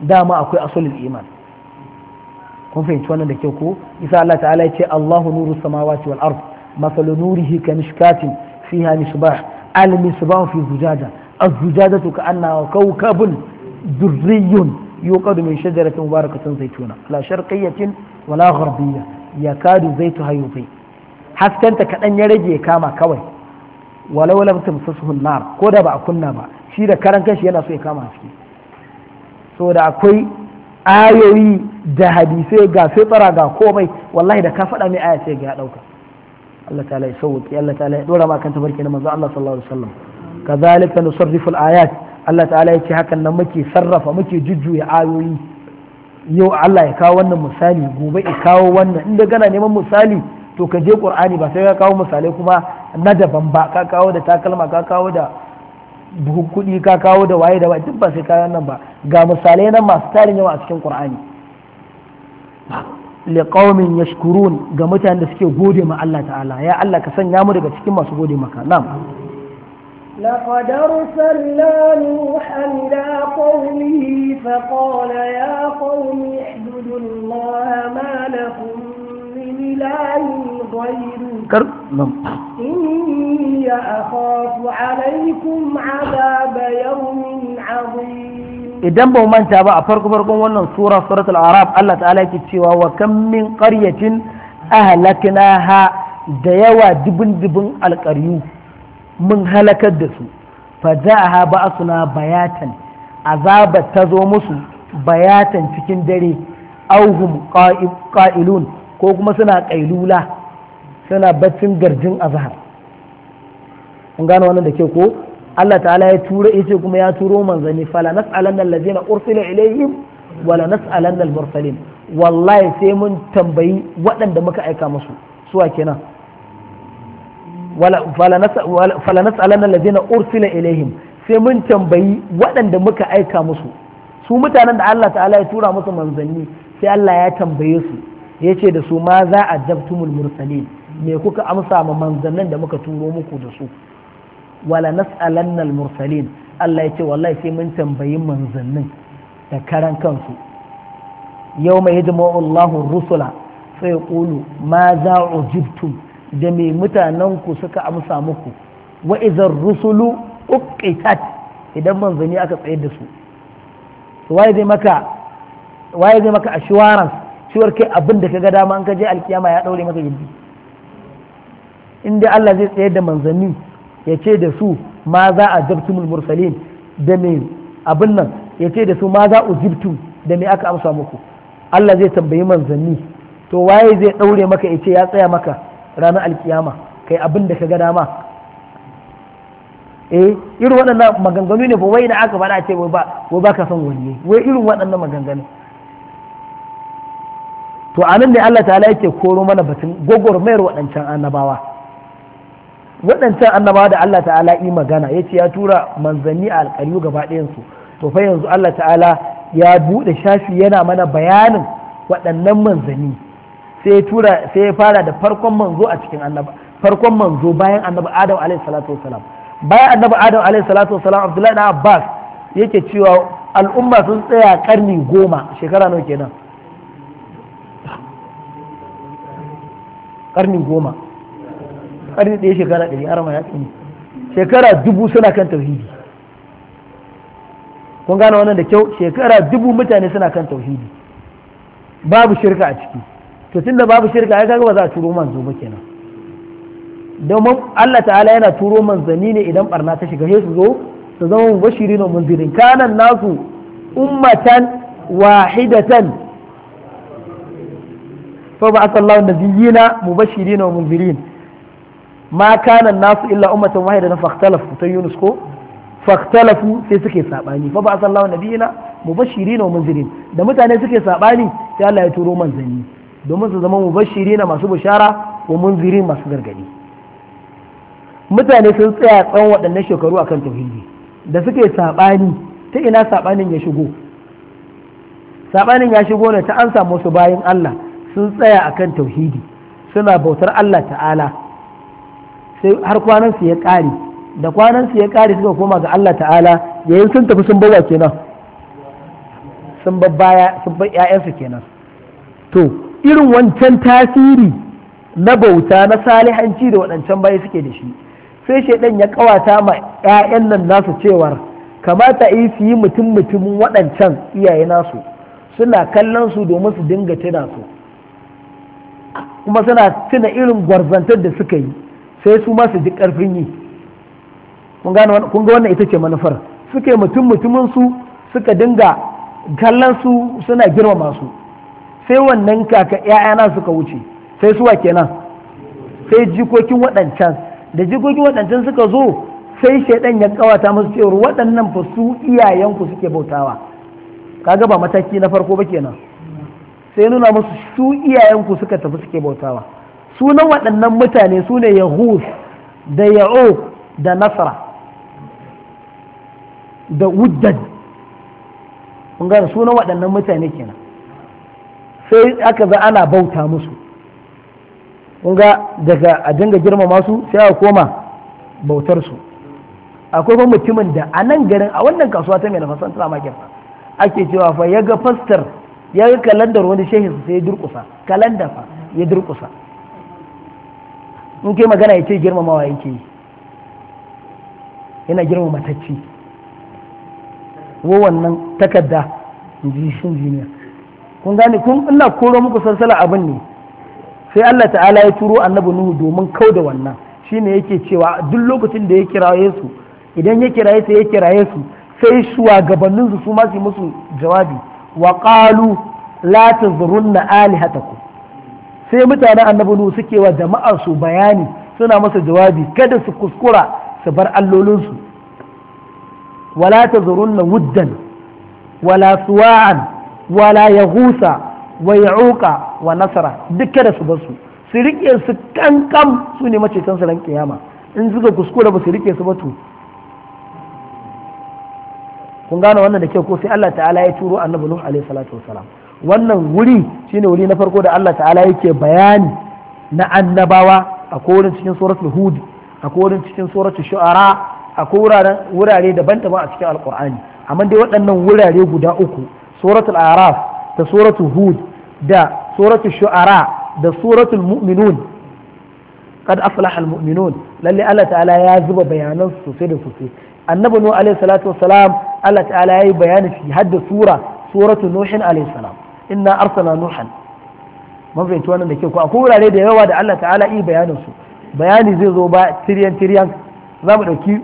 dama akwai asalin iman kun fahimci wannan da ke ko isa Allah ta'ala ya ce Allahu nuru samawati wal ard masalu nurihi kamishkatin fiha misbah al misbah fi zujaja الزجاجة كأنها كوكب دري يوقد من شجرة مباركة زيتونة لا شرقية ولا غربية يكاد زيتها يضيء حتى أنت كأن يرجي كاما كوي ولو لم تمسسه النار كودا با كنا با shi da karan kanshi yana so ya kama haske da akwai ayoyi da hadisai ga sai tsara ga komai wallahi da ka faɗa mai aya sai ya ɗauka Allah ta'ala ya sauki Allah ta'ala ya ɗora ma kan Allah kazalika nusarrifu al-ayat Allah ta'ala ya ce hakan nan muke sarrafa muke jujjuya ayoyi yau Allah ya kawo wannan misali gobe ya kawo wannan inda gana neman misali to ka je qur'ani ba sai ka kawo misalai kuma na daban ba ka kawo da takalma ka kawo da buhu kudi ka kawo da waye da waye duk ba sai ka nan ba ga misalai nan masu tarin yawa a cikin qur'ani liqaumin yashkurun ga mutanen da suke gode ma Allah ta'ala ya Allah ka sanya mu daga cikin masu gode maka na'am لقد أرسلنا نوحا إلى قومه فقال يا قوم اعبدوا الله ما لكم من إله غيره إني أخاف عليكم عذاب يوم عظيم idan ba manta ba a farko farkon wannan sura suratul arab Allah ta'ala yake cewa wa kam min qaryatin ahlaknaha da yawa dubun dubun alqaryu mun halakar da su fa haɓa suna bayatan azabar ta zo musu bayatan cikin dare auhum qa'ilun ko kuma suna qailula suna baccin garjin azhar kun gano wannan da ke ko Allah ta'ala ya tura yace kuma ya turo manzanni fala nas'alanna allazina ursila ilayhim wala nas'alanna al-mursalin wallahi sai mun tambayi waɗanda muka aika musu suwa kenan fala nas'alanna allazina ursila ilaihim sai mun tambayi waɗanda muka aika musu su mutanen da Allah ta'ala ya tura musu manzanni sai Allah ya tambaye su ya ce da su ma za a jabtumul mursalin me kuka amsa ma manzannin da muka turo muku da su wala nas'alanna al mursalin Allah ya ce wallahi sai mun tambayi manzannin da karan kansu yawma yajma'u Allahu rusula sai yaqulu ma za ujibtum da mai mutanenku suka amsa muku wa izar rusulu uqitat idan manzanni aka tsayar da su waye zai maka waye zai maka assurance ciwar kai abin da kaga dama an ka je alkiyama ya daure maka gindi inda Allah zai tsayar da manzanni ya ce da su ma za a jabtumul mursalin da mai abin nan ya ce da su ma za ujibtum da mai aka amsa muku Allah zai tambayi manzanni to waye zai daure maka ya ce ya tsaya maka ranar alkiyama kai abin da ka ga dama eh irin waɗannan maganganu ne ba wai na aka faɗa ce wai ba wai ba ka son wani wai irin waɗannan maganganu to anan ne Allah ta'ala yake koro mana batun gwagwarmayar waɗancan annabawa waɗancan annabawa da Allah ta'ala yi magana yace ya tura manzanni a alƙaryu gaba ɗayansu to fa yanzu Allah ta'ala ya buɗe shafi yana mana bayanin waɗannan manzanni sai tura sai ya fara da farkon manzo a cikin annaba farkon manzo bayan annabi adam alaihi salatu wasalam bayan annabi adam alaihi salatu wasalam abdullahi da abbas yake cewa al'umma sun tsaya karni goma shekara nawa kenan karni goma karni ɗaya shekara ɗari arama ya tsini shekara dubu suna kan tauhidi kun gane wannan da kyau shekara dubu mutane suna kan tauhidi babu shirka a ciki to tunda babu shirka ai kaga ba za a turo manzo ba kenan domin Allah ta'ala yana turo manzanni ne idan barna ta shiga sai su zo su zama mubashirin wa munzirin kana nasu ummatan wahidatan fa ba'atha Allahu nabiyyina mubashirin wa munzirin ma kana nasu illa ummatan wahidatan fakhtalafu ta Yunus ko faktalafu sai suke sabani fa ba sallahu nabiyina mubashirin wa munzirin da mutane suke sabani sai Allah ya turo manzanni domin su zama shiri na masu bishara wa munziri masu gargadi mutane sun tsaya tsawon waɗannan shekaru akan tauhidi da suke saɓani ta ina saɓanin ya shigo saɓanin ya shigo ne ta an samu wasu bayan Allah sun tsaya akan tauhidi suna bautar Allah ta'ala sai har kwanansu ya ƙare da kwanansu ya ƙare suka koma ga Allah ta'ala yayin sun tafi sun bawa kenan sun babbaya sun bar 'ya'yansu kenan to irin wancan tasiri na bauta na salihanci da waɗancan bayi suke da shi sai shaidan ya kawata ma 'ya'yan nan nasu cewar kamata yi su yi mutum mutumin waɗancan iyaye nasu suna kallon su domin su dinga tuna su kuma suna tuna irin gwarzantar da suka yi sai su ma su ji ƙarfin yi kun ga wannan ita ce manufar suke mutum mutumin su suka dinga kallon su suna girmama su sai wannan kaka ‘ya'yana suka wuce sai suwa kenan sai jikokin waɗancan da jikokin waɗancan suka zo sai shaidan ya kawata musu cewar waɗannan fa su iyayenku suke bautawa kaga ba mataki na farko ba kenan sai nuna musu su iyayenku suka tafi suke bautawa sunan waɗannan mutane su ne yahus da ya'o da nasara da wuddan sunan waɗannan mutane kenan sai aka za ana bauta musu kunga daga a dinga girmama su sai a koma bautar su akwai ba mutumin da a nan garin a wannan kasuwa ta mai nafasan tana makin ake cewa fa ya ga fastar ya ga kalandar wani shehi sai ya durkusa kalanda fa ya durkusa in kai magana ya ce girmamawa yake yi yana girmama matacci wo wannan takarda in ji shin jiniya kun gane kun ina koro muku sarsala abin ne sai Allah ta'ala ya turo annabi nuhu domin kau da wannan shine yake cewa duk lokacin da ya kiraye yesu idan ya kiraye su ya kirayesu su sai shugabannin su su ma su musu jawabi wa qalu la tazrunna alihatakum sai mutanen annabi nuhu suke wa jama'ar su bayani suna masa jawabi kada su kuskura su bar allolin su wala tazrunna wuddan wala suwa'an wala husa wa uka wa nasara duka da su ba su su rike su kankan su ne macetan su ran kiyama in suka kuskura ba su rike su ba to kun gane wannan da kyau ko sai Allah ta'ala ya turo annabi Nuh alaihi salatu wasalam wannan wuri shine wuri na farko da Allah ta'ala yake bayani na annabawa a wurin cikin suratul hud a wurin cikin suratul shu'ara a akwai wurare daban-daban a cikin alqur'ani amma dai waɗannan wurare guda uku suratul araf da suratul hud da suratul shu'ara da suratul mu'minun qad aflaha almu'minun lalle Allah ta'ala ya zuba bayanan sosai da sosai annabi nuh alaihi salatu wassalam Allah ta'ala yayi bayani shi hadda sura suratul nuh alaihi salam inna arsalna nuhan mun fahimci wannan da ke ko akwai wurare da yawa da Allah ta'ala yi bayanin su bayani zai zo ba tiryan tiryan za mu dauki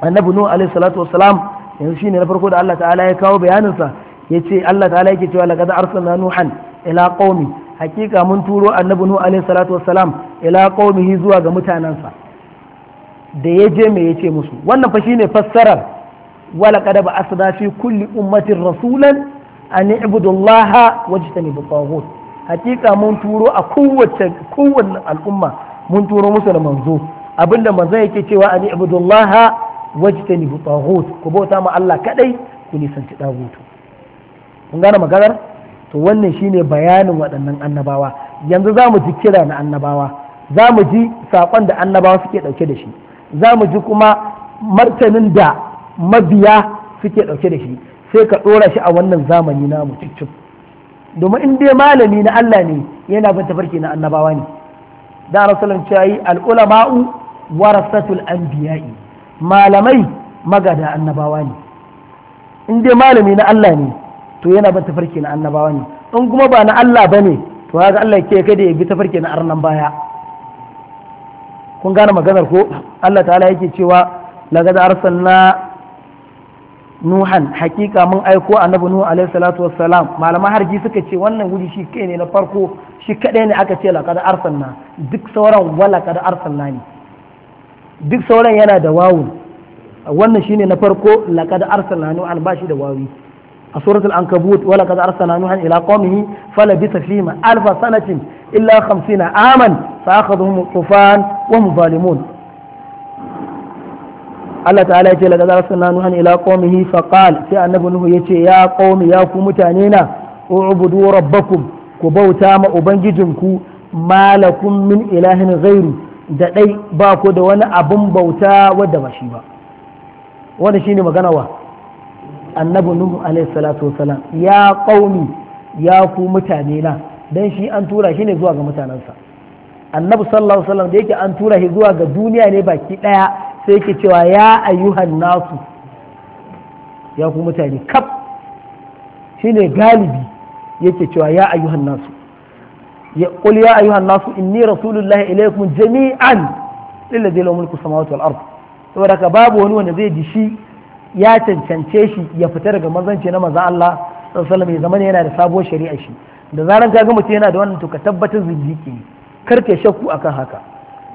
annabi nuh alaihi salatu wassalam yanzu shine na farko da Allah ta'ala ya kawo bayaninsa ya ce Allah ta'ala yake cewa laqad arsalna nuhan ila qaumi hakika mun turo annabi nuhu alaihi salatu wassalam ila qaumihi zuwa ga mutanensa da ya je me ce musu wannan fa shine fassarar wala qad ba'athna fi kulli ummatin rasulan an i'budu allaha wajtanibu taghut hakika mun turo a kowace kowanne al'umma mun turo musu da manzo abinda manzo yake cewa an i'budu wajtani bu taghut ku bauta ma Allah kadai ku nisanci dagutu kun gane maganar to wannan shine bayanin waɗannan annabawa yanzu za mu ji kira na annabawa za mu ji saƙon da annabawa suke ɗauke da shi za mu ji kuma martanin da mabiya suke ɗauke da shi sai ka ɗora shi a wannan zamani namu cikin domin in dai malami na Allah ne yana bin tafarki na annabawa ne da rasulun cewa yi al'ulama'u warasatul anbiya'i malamai magada annabawa ne in dai malami na Allah ne to yana bin tafarki na annabawa ne in kuma ba na Allah ba ne to haka Allah ke kada ya bi tafarki na arnan baya kun gane maganar ko Allah ta'ala yake cewa da arsalna nuhan hakika mun aiko annabi nuhu alaihi salatu wassalam malaman harji suka ce wannan wuri shi kai ne na farko shi kadai ne aka ce da arsalna duk sauran wala da arsalna ne duk sauran yana da wawun wannan shine na farko laqad arsalna an bashi da wawi a surat al ankabut wala qad arsalna nuhan ila qaumihi falabitha fihim alf sanatin illa 50 aman fa akhadhum tufan wa hum Allah ta'ala yace laqad arsalna nuhan ila qaumihi fa qala sai annabi nuhu yace ya qaumi ya ku mutane na ubudu rabbakum ku bauta ma ubangijinku malakum min ilahin ghairu da ɗai ba ko da wani abin bauta wadda ba shi ba wanda shine magana wa annabi nuhu alaihi salatu wasalam ya ƙauni ya ku mutane na dan shi an tura shi ne zuwa ga mutanensa. annabi sallallahu alaihi wasallam da yake an tura shi zuwa ga duniya ne baki ɗaya sai yake cewa ya ayyuhan nasu ya ku mutane kaf shine galibi yake cewa ya ayyuhan nasu قل يا أيها الناس إني رسول الله إليكم جميعا للذي له ملك السماوات والأرض saboda ka babu wani wanda zai ji shi ya cancance shi ya fita daga manzanci na manzan Allah sallallahu Mai zama yana da sabuwar shari'a shi da zarar ka ga mutum yana da wannan to ka tabbatar zindiki kar ka shakku akan haka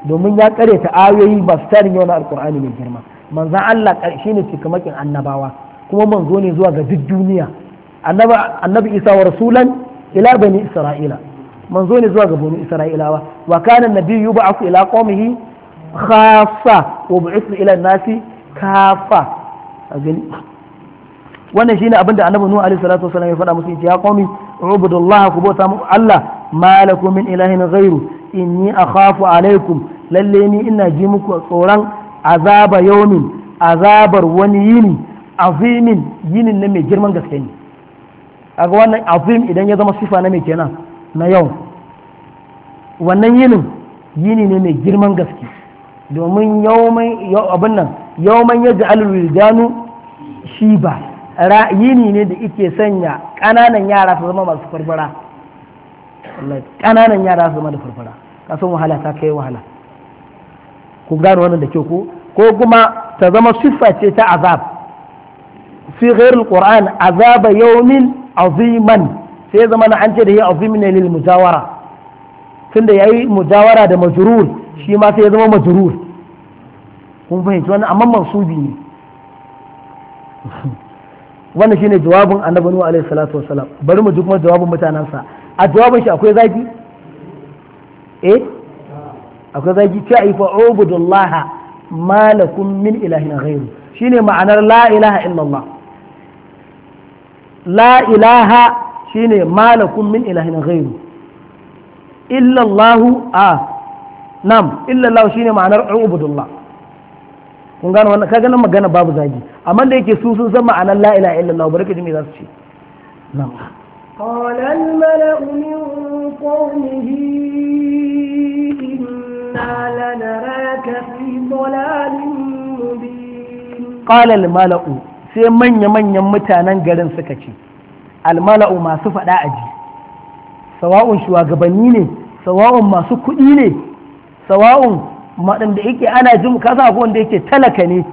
domin ya kare ta ayoyi ba tarin yawan alkur'ani mai girma manzan Allah karshe ne cikamakin annabawa kuma manzo ne zuwa ga duk duniya annabi isa wa rasulan ila bani isra'ila manzo ne zuwa ga bani isra'ilawa wa kana nabiyyu ba'athu ila qaumihi khassa wa bu'ithu ila nasi kafa a gani wannan shine abin da annabi nuhu alaihi salatu wasallam ya faɗa musu yace ya qaumi ubudullaha ku bauta muku Allah malakum min ilahin ghairu inni akhafu alaikum lalle ni ina ji muku tsoron azaba yawmin azabar wani yini azimin yinin na mai girman gaske ne kaga wannan azim idan ya zama sifa na mai kenan na yau wannan yinin yini ne mai girman gaske domin abin nan yawman ya ji alwildanu shi ba yini ne da ike sanya ƙananan yara su zama masu farfara ƙananan yara su zama da farfara kasan wahala ta kai wahala ku gano wannan da kyau ko kuma ta zama siffa ce ta azab fi ghairul qur'an azaba yawmin aziman sai zama na an ce da yi azimin lil mujawara ya yi mujawara da majrur shi ma sai ya zama majrur kun fahimci wannan amma mansubi ne wannan shine jawabin annabi nuhu alaihi salatu wasalam bari mu kuma jawabin mutanansa a jawabin shi akwai zaki eh akwai zaki ta ifa ubudullaha ma lakum min ilahin ghairu shine ma'anar la ilaha illallah la ilaha shine ma lakum min ilahin ghairu illallahu a nam illallahu shine ma'anar ubudullah kun gano wannan ka ganin magana babu zagi amma da yake su sun san ma'anar la ilaha illallah barka jimi za su ce nam قال الملأ من قومه إنا لنراك في ضلال مبين قال الملأ sai manya-manyan mutanen garin suka ce malau masu faɗa aji sawa'un shugabanni ne sawa'un masu kuɗi ne sawa'un da yake ana jin sa akwai wanda yake talaka ne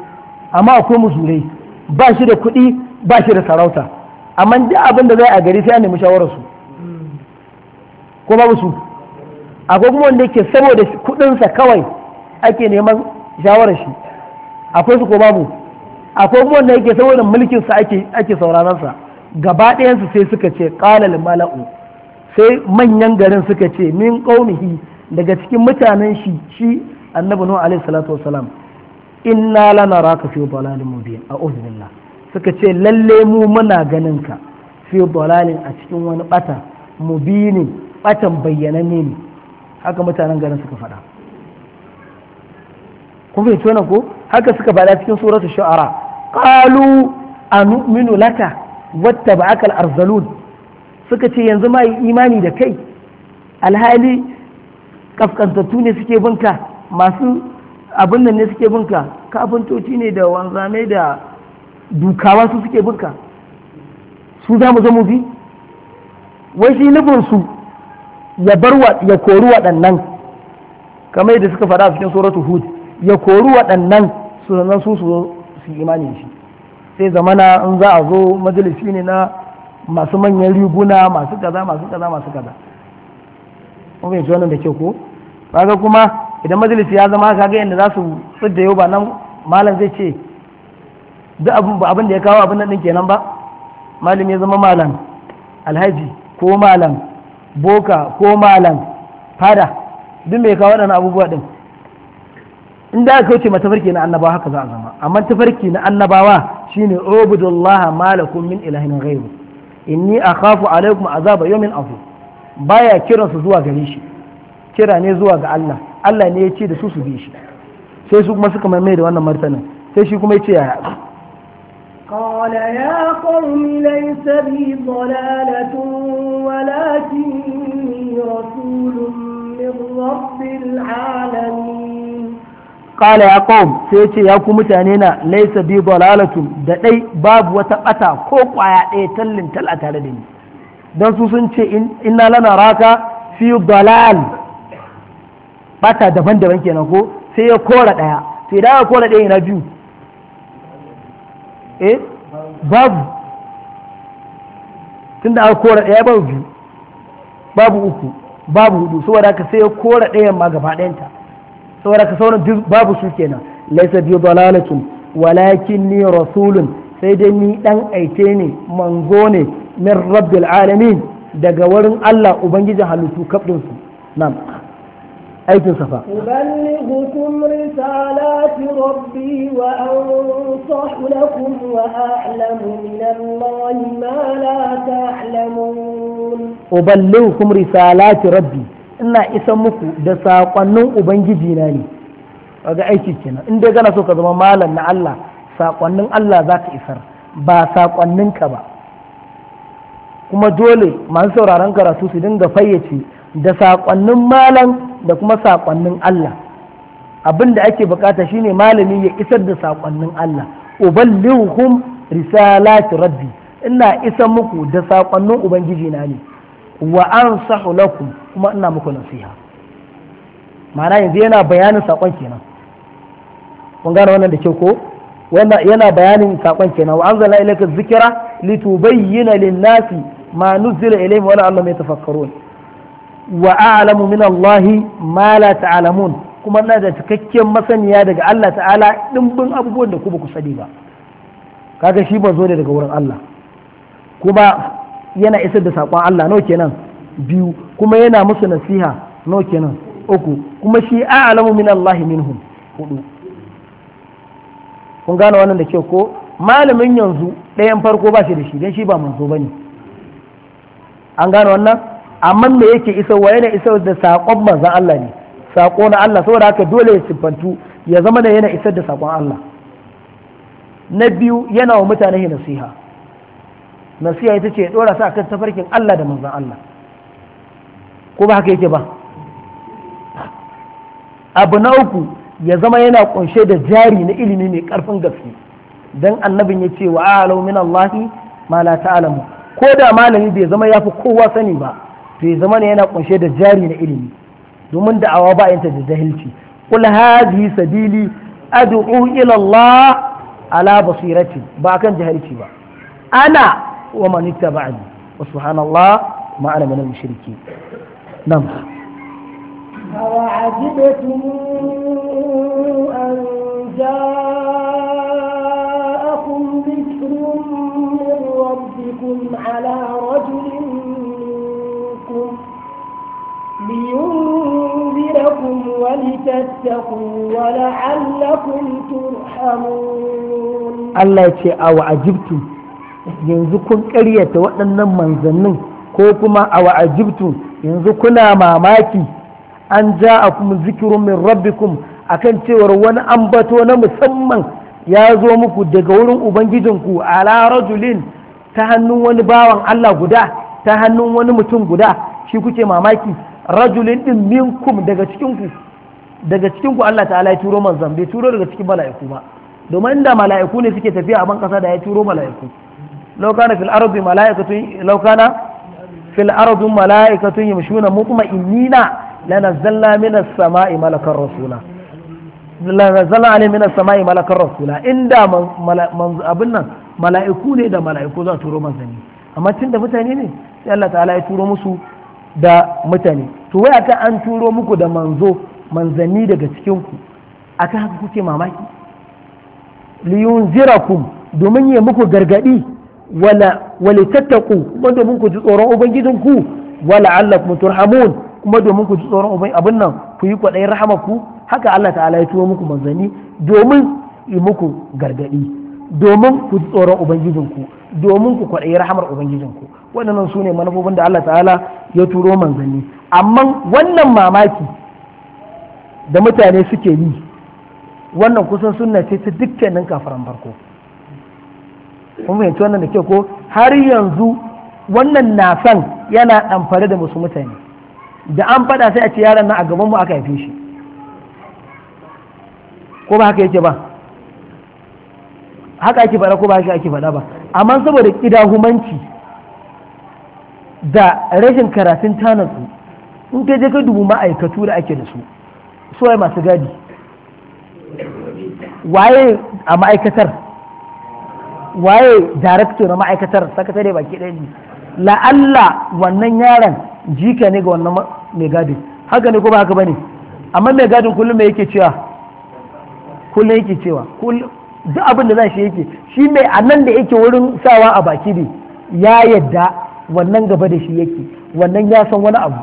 amma akwai musulai ba shi da kuɗi ba shi da sarauta amma duk abin da zai a gari sai an nemi shawararsu ko ba su akwai kuma wanda yake saboda kuɗin sa kawai ake neman shawarar shi akwai su ko babu akwai kuma wanda yake saboda mulkin sa ake sauraron sa gaba su sai suka ce ƙalal mala'u sai manyan garin suka ce min ƙaunihi daga cikin mutanen shi shi annabi nuhu alaihi salatu wasalam inna lanaraka fi dalalin mubin a'udhu Nila. suka ce lalle mu muna ganin ka fi dalalin a cikin wani bata mubinin batan bayyana ne haka mutanen garin suka faɗa kun fahimci wannan ko haka suka faɗa cikin suratu shu'ara qalu anu'minu laka wattaba'aka al-arzalun suka ce yanzu ma yi imani da kai alhali kafkantattu ne suke binka masu abin nan ne suke binka kafintoci ne da wanzamai da dukawa su suke binka su za mu zama bi wai shi nufinsu ya bar ya kori waɗannan kamar yadda suka faɗa a cikin suratu hud ya kori waɗannan sunan su su imani shi sai zamana in za a zo majalisi ne na masu manyan riguna masu kaza masu kaza masu kaza mun fahimci wannan da ke ko kaga kuma idan majalisi ya zama kaga yadda za su tsidda yau ba nan malam zai ce duk abin ba abin da ya kawo abin nan din kenan ba malam ya zama malam alhaji ko malam boka ko malam fada duk mai kawo waɗannan abubuwa din in da aka wuce ma tafarki na annabawa haka za a zama amma tafarki na annabawa shine ubudullaha malakum min ilahin ghairu inni akhafu alaikum azaba yawmin abu. baya kiran su zuwa gare shi kira ne zuwa ga Allah Allah ne ya ce da su su bi shi sai su kuma suka mai da wannan martanin sai shi kuma ya ce yaya قال يا قوم ليس بي ضلالة ولكني رسول من رب العالمين Ƙala ya qaum sai ce ya ku mutane na laisa biyu ba dalalatun da ɗai babu wata ɓata ko ƙwaya ɗaya tallin tal a tare da ni don su sun ce in na lana raka fi dalal bata daban-daban kenan ko sai ya kora daya sai da ya kora ɗaya ina biyu eh babu tunda aka kora ɗaya babu biyu babu uku babu hudu saboda haka sai ya kora dayan ma gaba ɗayanta saboda ka sauran babu su kenan laisa bi dalalatun walakin ni rasulun sai dai ni dan aike ne manzo ne min rabbil alamin daga wurin Allah ubangijin halittu kafin su na'am aikin safa ubalighukum risalati rabbi wa rabbi ina isan muku da saƙonnin ubangiji na ne kaga aiki kenan in dai gana so ka zama malam na Allah saƙonnin Allah za ka isar ba saƙonnin ka ba kuma dole masu sauraron karatu su dinga fayyace da saƙonnin malam da kuma saƙonnin Allah abin da ake bukata shine malami ya isar da saƙonnin Allah uballighukum risalati rabbi ina isa muku da saƙonnin ubangiji na ne wa ansahu lakum kuma ina muku nasiha ma'ana yanzu yana bayanin sakon kenan kun gane wannan da ke ko yana bayanin sakon kenan wa anzalna ilayka zikira litubayyana lin-nasi ma nuzila ilayhim wa la'allahum yatafakkarun wa a'lamu min Allah ma la ta'lamun kuma ina da cikakken masaniya daga Allah ta'ala dimbin abubuwan da ku ba ku sani ba kaga shi ba zo ne daga wurin Allah kuma yana isar da saƙon Allah wake kenan biyu kuma yana musu nasiha wake kenan uku kuma shi a'lamu min Allah minhum hudu kun gane wannan da kyau ko malamin yanzu ɗayan farko ba shi da shi don shi ba manzo bane an gane wannan amma me yake wa yana isar da saƙon manzon Allah ne saƙo na Allah saboda haka dole ya siffantu ya zama da yana isar da saƙon Allah na biyu yana wa mutane nasiha nasiha ita ce dora sa kan tafarkin Allah da manzan Allah ko ba haka yake ba abu na uku ya zama yana kunshe da jari na ilimi mai karfin gaske don annabin ya ce wa alau min Allahi ma la ta'alamu ko da malami bai zama ya fi kowa sani ba to ya zama yana kunshe da jari na ilimi domin da'awa ba yanta da jahilci kula hadhihi sabili ad'u ila Allah ala basirati ba kan jahilci ba ana ومن اتبعني وسبحان الله ما أنا من المشركين نعم أوعجبتم أن جاءكم ذكر من ربكم على رجل منكم لينذركم ولتتقوا ولعلكم ترحمون الله يتي أوعجبتم yanzu kun ƙaryata waɗannan manzannin ko kuma a wa'ajibtu yanzu kuna mamaki an ja a kuma zikirun min a kan cewar wani ambato na musamman ya zo muku daga wurin ubangijinku ala rajulin ta hannun wani bawan Allah guda ta hannun wani mutum guda shi kuke mamaki rajulin din minkum daga cikinku daga cikinku Allah ta'ala ya turo manzan bai turo daga cikin mala'iku ba domin da mala'iku ne suke tafiya a ban kasa da ya turo mala'iku law kana fil ardi malaikatun law kana fil ardi malaikatun yamshuna mutma'innina lanazzalna minas sama'i malakar rasula inda abin nan mala'iku ne da mala'iku za turo manzanni amma tunda mutane ne sai Allah ta'ala ya turo musu da mutane to wai akan an turo muku da manzo manzanni daga cikin ku akan haka mamaki domin ya muku gargadi wala tattaku kuma domin ku ji tsoron ubangijinku wala allah kuma turhamun kuma domin ku ji tsoron ubangi abin nan ku yi kwaɗayin rahamarku haka Allah ta'ala ya tuwo muku manzanni domin yi muku gargaɗi domin ku ji tsoron ubangijinku domin ku kwaɗayi rahamar ubangijinku waɗannan su ne manufofin da Allah ta'ala ya turo manzani amma wannan mamaki da mutane suke yi wannan kusan sunna ce ta dukkanin kafaran farko kun fahimci wannan da ke ko har yanzu wannan na san yana amfani da musu mutane da an faɗa sai a ce yaran nan a gaban mu aka haife shi ko ba haka yake ba haka ake faɗa ko ba haka ake fada ba amma saboda kidahumanci da rashin karatun tanatsu in kai je ka dubu ma'aikatu da ake da su suwai masu gadi waye a ma'aikatar waye darakto na ma'aikatar sakatare baki ɗaya ne la'alla wannan yaron jika ne ga wannan mai gadin haka ne ko ba haka bane amma mai gadin kullum mai yake cewa kullum yake cewa duk abin da zai shi yake shi mai anan da yake wurin sawa a baki ne ya yadda wannan gaba da shi yake wannan ya san wani abu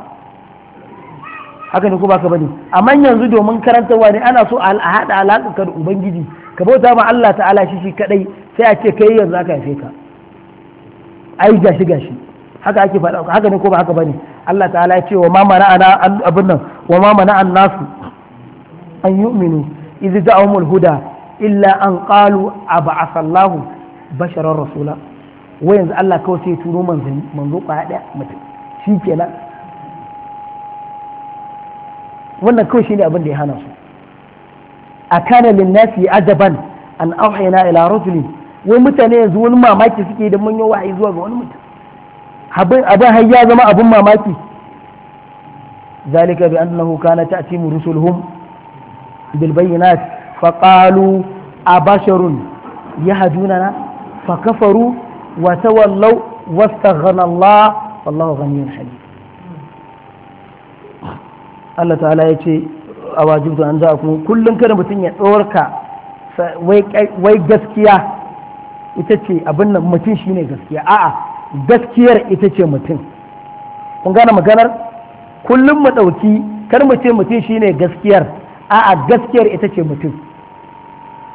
haka ne ko ba haka bane amma yanzu domin karantarwa ne ana so a haɗa alaƙa da ubangiji ka bauta ma Allah ta'ala shi shi kadai sai a ce kai yanzu aka haife ka ai gashi gashi haka ake faɗa haka ne ko ba haka bane Allah ta'ala ya ce wa ma mana'ana abin nan wa ma mana'an nasu an yu'minu idza ja'ahumul huda illa an qalu ab'athallahu basharar rasula wa yanzu Allah kawai sai turo manzo manzo kwaya daya mutum shikenan wannan kawai shine abin da ya hana su Akana kana linnasi ajaban an auhayna ila rajuli wai mutane yanzu wani mamaki suke da mun yi wa'ayi zuwa ga wani mutum abin abin har ya zama abin mamaki zalika bi annahu kana ta'timu rusuluhum bil bayyinat fa qalu abasharun yahdunana fa kafaru wa tawallaw wastaghna Allah wallahu ghaniyyun halim Allah ta'ala yace a zuwa an za kuma kullum kada mutum ya tsorka wai gaskiya ita ce abin nan mutum ne gaskiya a'a gaskiyar ita ce mutum kun gane maganar kullum mu ɗauki kar mu ce mutum ne gaskiyar a'a gaskiyar ita ce mutum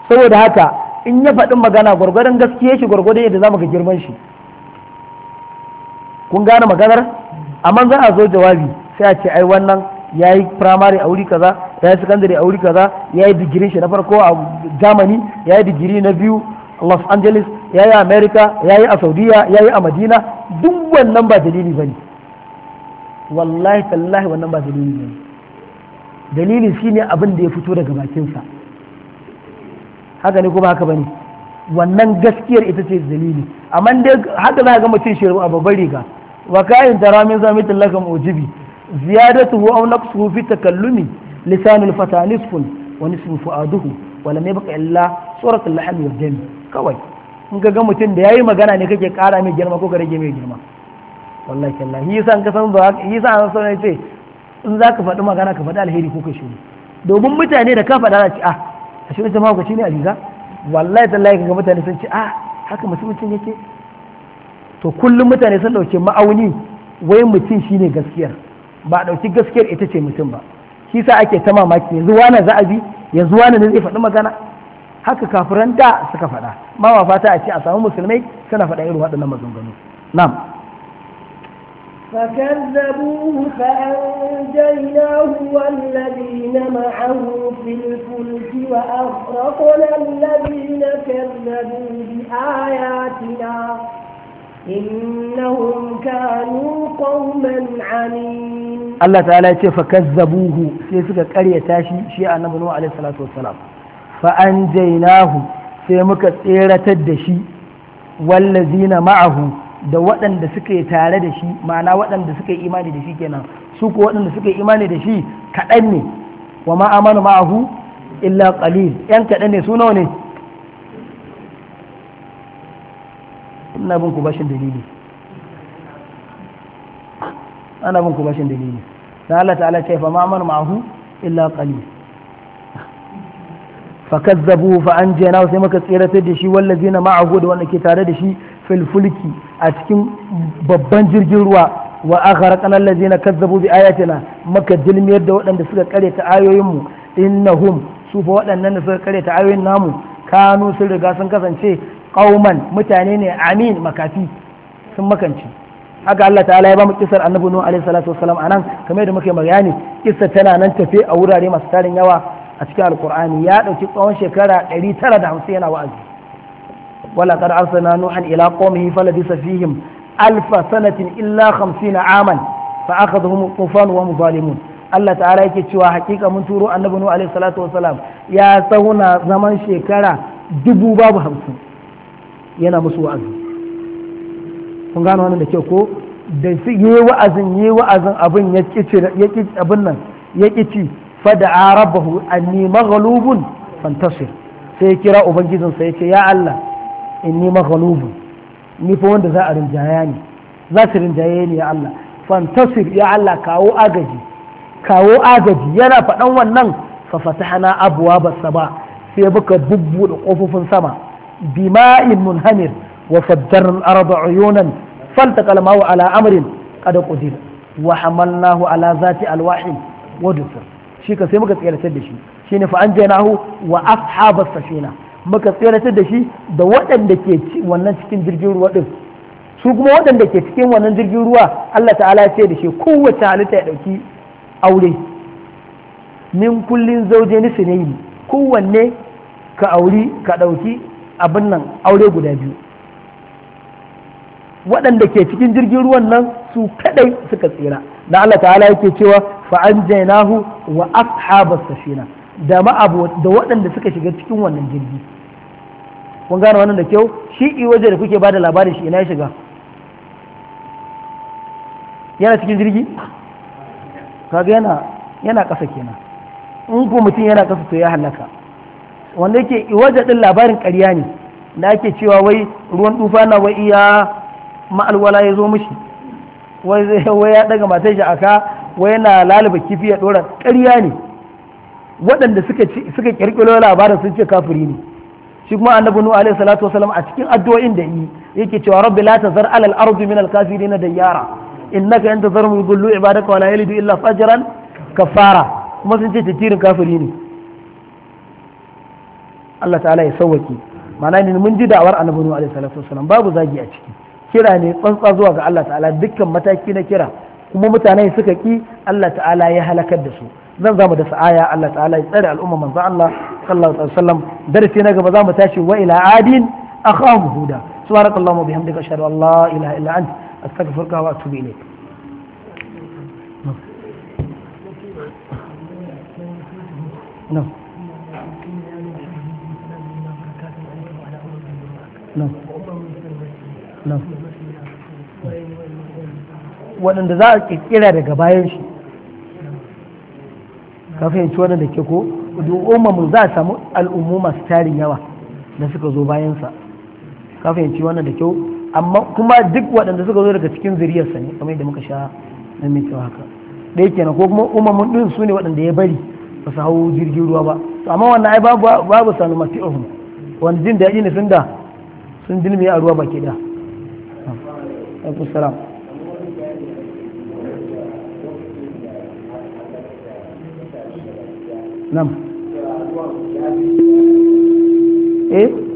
saboda haka in ya faɗin magana gwargwadon gaskiya shi gwargwadon yadda za mu ga girman shi kun gane maganar amma za a zo jawabi sai a ce ai wannan ya yi firamare a wuri kaza ya yi sakandare a wuri kaza ya yi digirin shi na farko a germany ya yi digiri na biyu los angeles ya yi america ya yi a saudiya ya yi a madina duk wannan ba dalili ba ne wallahi tallahi wannan ba dalili ba ne dalili shine abin da ya fito daga bakinsa haka ne kuma haka ba ne wannan gaskiyar ita ce dalili amma dai haka za ga mutum shi a babbar riga wa kayan tara min zamitin lakam ujibi زيادته أو نقصه wa nisfu fu'aduhu wa lam yabqa illa ولم al-lahm wa al والدم kawai in ka ga mutum da yayi magana ne kake kara mai girma ko ka rage mai girma wallahi tallahi yasa ka san ba yasa an san ce in za ka faɗi magana ka faɗi alheri ko ka shiru domin mutane da ka faɗa za ci a a shirin jama'a ku shine aziza wallahi tallahi ga mutane sun ci a haka mutum yake to kullum mutane sun dauke ma'auni wai mutum shine gaskiyar ba a ɗauki gaskiyar ita ce mutum ba shi sa ake ta mamaki yanzu wane za a bi yanzu wane ne zai faɗi magana haka kafiran da suka faɗa ma ma fata a ce a samu musulmai suna faɗa irin waɗannan maganganu na'am فكذبوه فأنجيناه والذين معه في الفلك وأغرقنا الذين كذبوا بآياتنا إنهم كانوا قوما عنين الله تعالى يقول فكذبوه سيسك كرية تاشي شيء النبي نوح عليه الصلاة والسلام فأنجيناه سيمك سيرة الدشي والذين معه da waɗanda suka yi tare da shi ma'ana waɗanda suka yi imani da shi kenan su ko waɗanda suka yi imani da shi kaɗan ne wa ma ma'ahu illa ƙalil yan kaɗan ne su nawa ne ina bin ku bashin dalili ana bin ku bashin dalili Na Allah ta'ala ce fa ma'amar ma'ahu illa fa kazzabu fa jena sai muka tsiratar da shi zina ma'ahu da wanda ke tare da shi filfulki a cikin babban jirgin ruwa wa aghraqna allazina kazzabu bi ayatina maka dilmiyar da waɗanda suka kare ta ayoyinmu mu innahum su fa waɗannan da suka kare ta ayoyin namu kanu sun riga sun kasance Ƙauman mutane ne amin makafi sun makanci haka Allah ta'ala ya ba mu kisar annabi nuhu alaihi salatu wassalam anan kamar da muke bayani kissa tana nan tafe a wurare masu tarin yawa a cikin alqur'ani ya dauki tsawon shekara 950 yana wa'azi wala qad arsalna nuhan ila qaumihi falabisa fihim alf sanatin illa 50 aman fa akhadhahum tufan wa hum Allah ta'ala yake cewa hakika mun turo annabi nuhu alaihi salatu wassalam ya tsawuna zaman shekara dubu babu hamsin yana musu wa'azi kun gano wannan da kyau ko da su yi wa'azin yi wa'azin abin ya kici abin nan ya kici fada arabahu anni maghlubun fantasir sai ya kira ubangijinsa ya ce ya Allah inni maghlubun ni fa wanda za a rinjaya ne za su rinjaye ni ya Allah fantasir ya Allah kawo agaji kawo agaji yana faɗan wannan fa fatahana abwaaba ba sai buka bubbuɗe ƙofofin sama بماء منهمر وفجرنا الأرض عيونا فالتقى الماء على أمر قد قدر وحملناه على ذات ألواح ودسر shi ka sai muka tseratar da shi shi fa'an jainahu wa ashabas safina muka tseratar da shi da waɗanda ke wannan cikin jirgin ruwa ɗin su kuma waɗanda ke cikin wannan jirgin ruwa Allah ta'ala ce da shi kowace halitta ya ɗauki aure min kullin zauje ni kowanne ka auri ka ɗauki abin nan aure guda biyu waɗanda ke cikin jirgin ruwan nan su kadai suka tsira da Allah ta'ala yake cewa fa anjaynahu wa ashabas safina da ma'abu da waɗanda suka shiga cikin wannan jirgi kun gane wannan da kyau shi i waje da kuke bada labarin shi ina ya shiga yana cikin jirgi kaga yana yana ƙasa kenan in ko mutum yana ƙasa to ya halaka wanda yake iwaja din labarin ƙarya ne da ake cewa wai ruwan tufa na wai iya ma'alwala ya zo mishi wai ya daga matan shi aka wai yana lalaba kifi ya dora ƙarya ne waɗanda suka kirkiro labarin sun ce kafiri ne shi kuma annabi nuhu alaihi salatu wasallam a cikin addu'o'in da yi yake cewa rabbi la tazar alal ardi min al kafirin dayyara innaka in tazarhum yudillu ibadaka wa la yalidu illa fajran kafara kuma sun ce tatirin kafiri ne Allah ta'ala ya sauwake ma'ana ne mun ji da'awar annabi nuhu alaihi salatu wasallam babu zagi a ciki kira ne tsantsa zuwa ga Allah ta'ala dukkan mataki na kira kuma mutane suka ki Allah ta'ala ya halakar da su zan zamu da sa'aya Allah ta'ala ya tsare al'umma manzo Allah sallallahu alaihi wasallam darasi na gaba zamu tashi wa ila adin akhahum huda subhanakallahumma bihamdika ashhadu an la ilaha illa anta astaghfiruka wa atubu ilayk No. waɗanda za a ƙirƙira daga bayan shi ka fahimci wannan da ke ko umarmu za a samu al'ummu masu tarin yawa da suka zo bayansa ka fahimci wannan da kyau amma kuma duk waɗanda suka zo daga cikin zuriyarsa ne kamar yadda muka sha na mai haka da yake na ko kuma umarmu ɗin su ne waɗanda ya bari ba su hau jirgin ruwa ba amma wannan ai babu babu sanu mati'uhum wanda jin daɗi ne sun da sun dilmi a ruwa baki da alaikussalam nam eh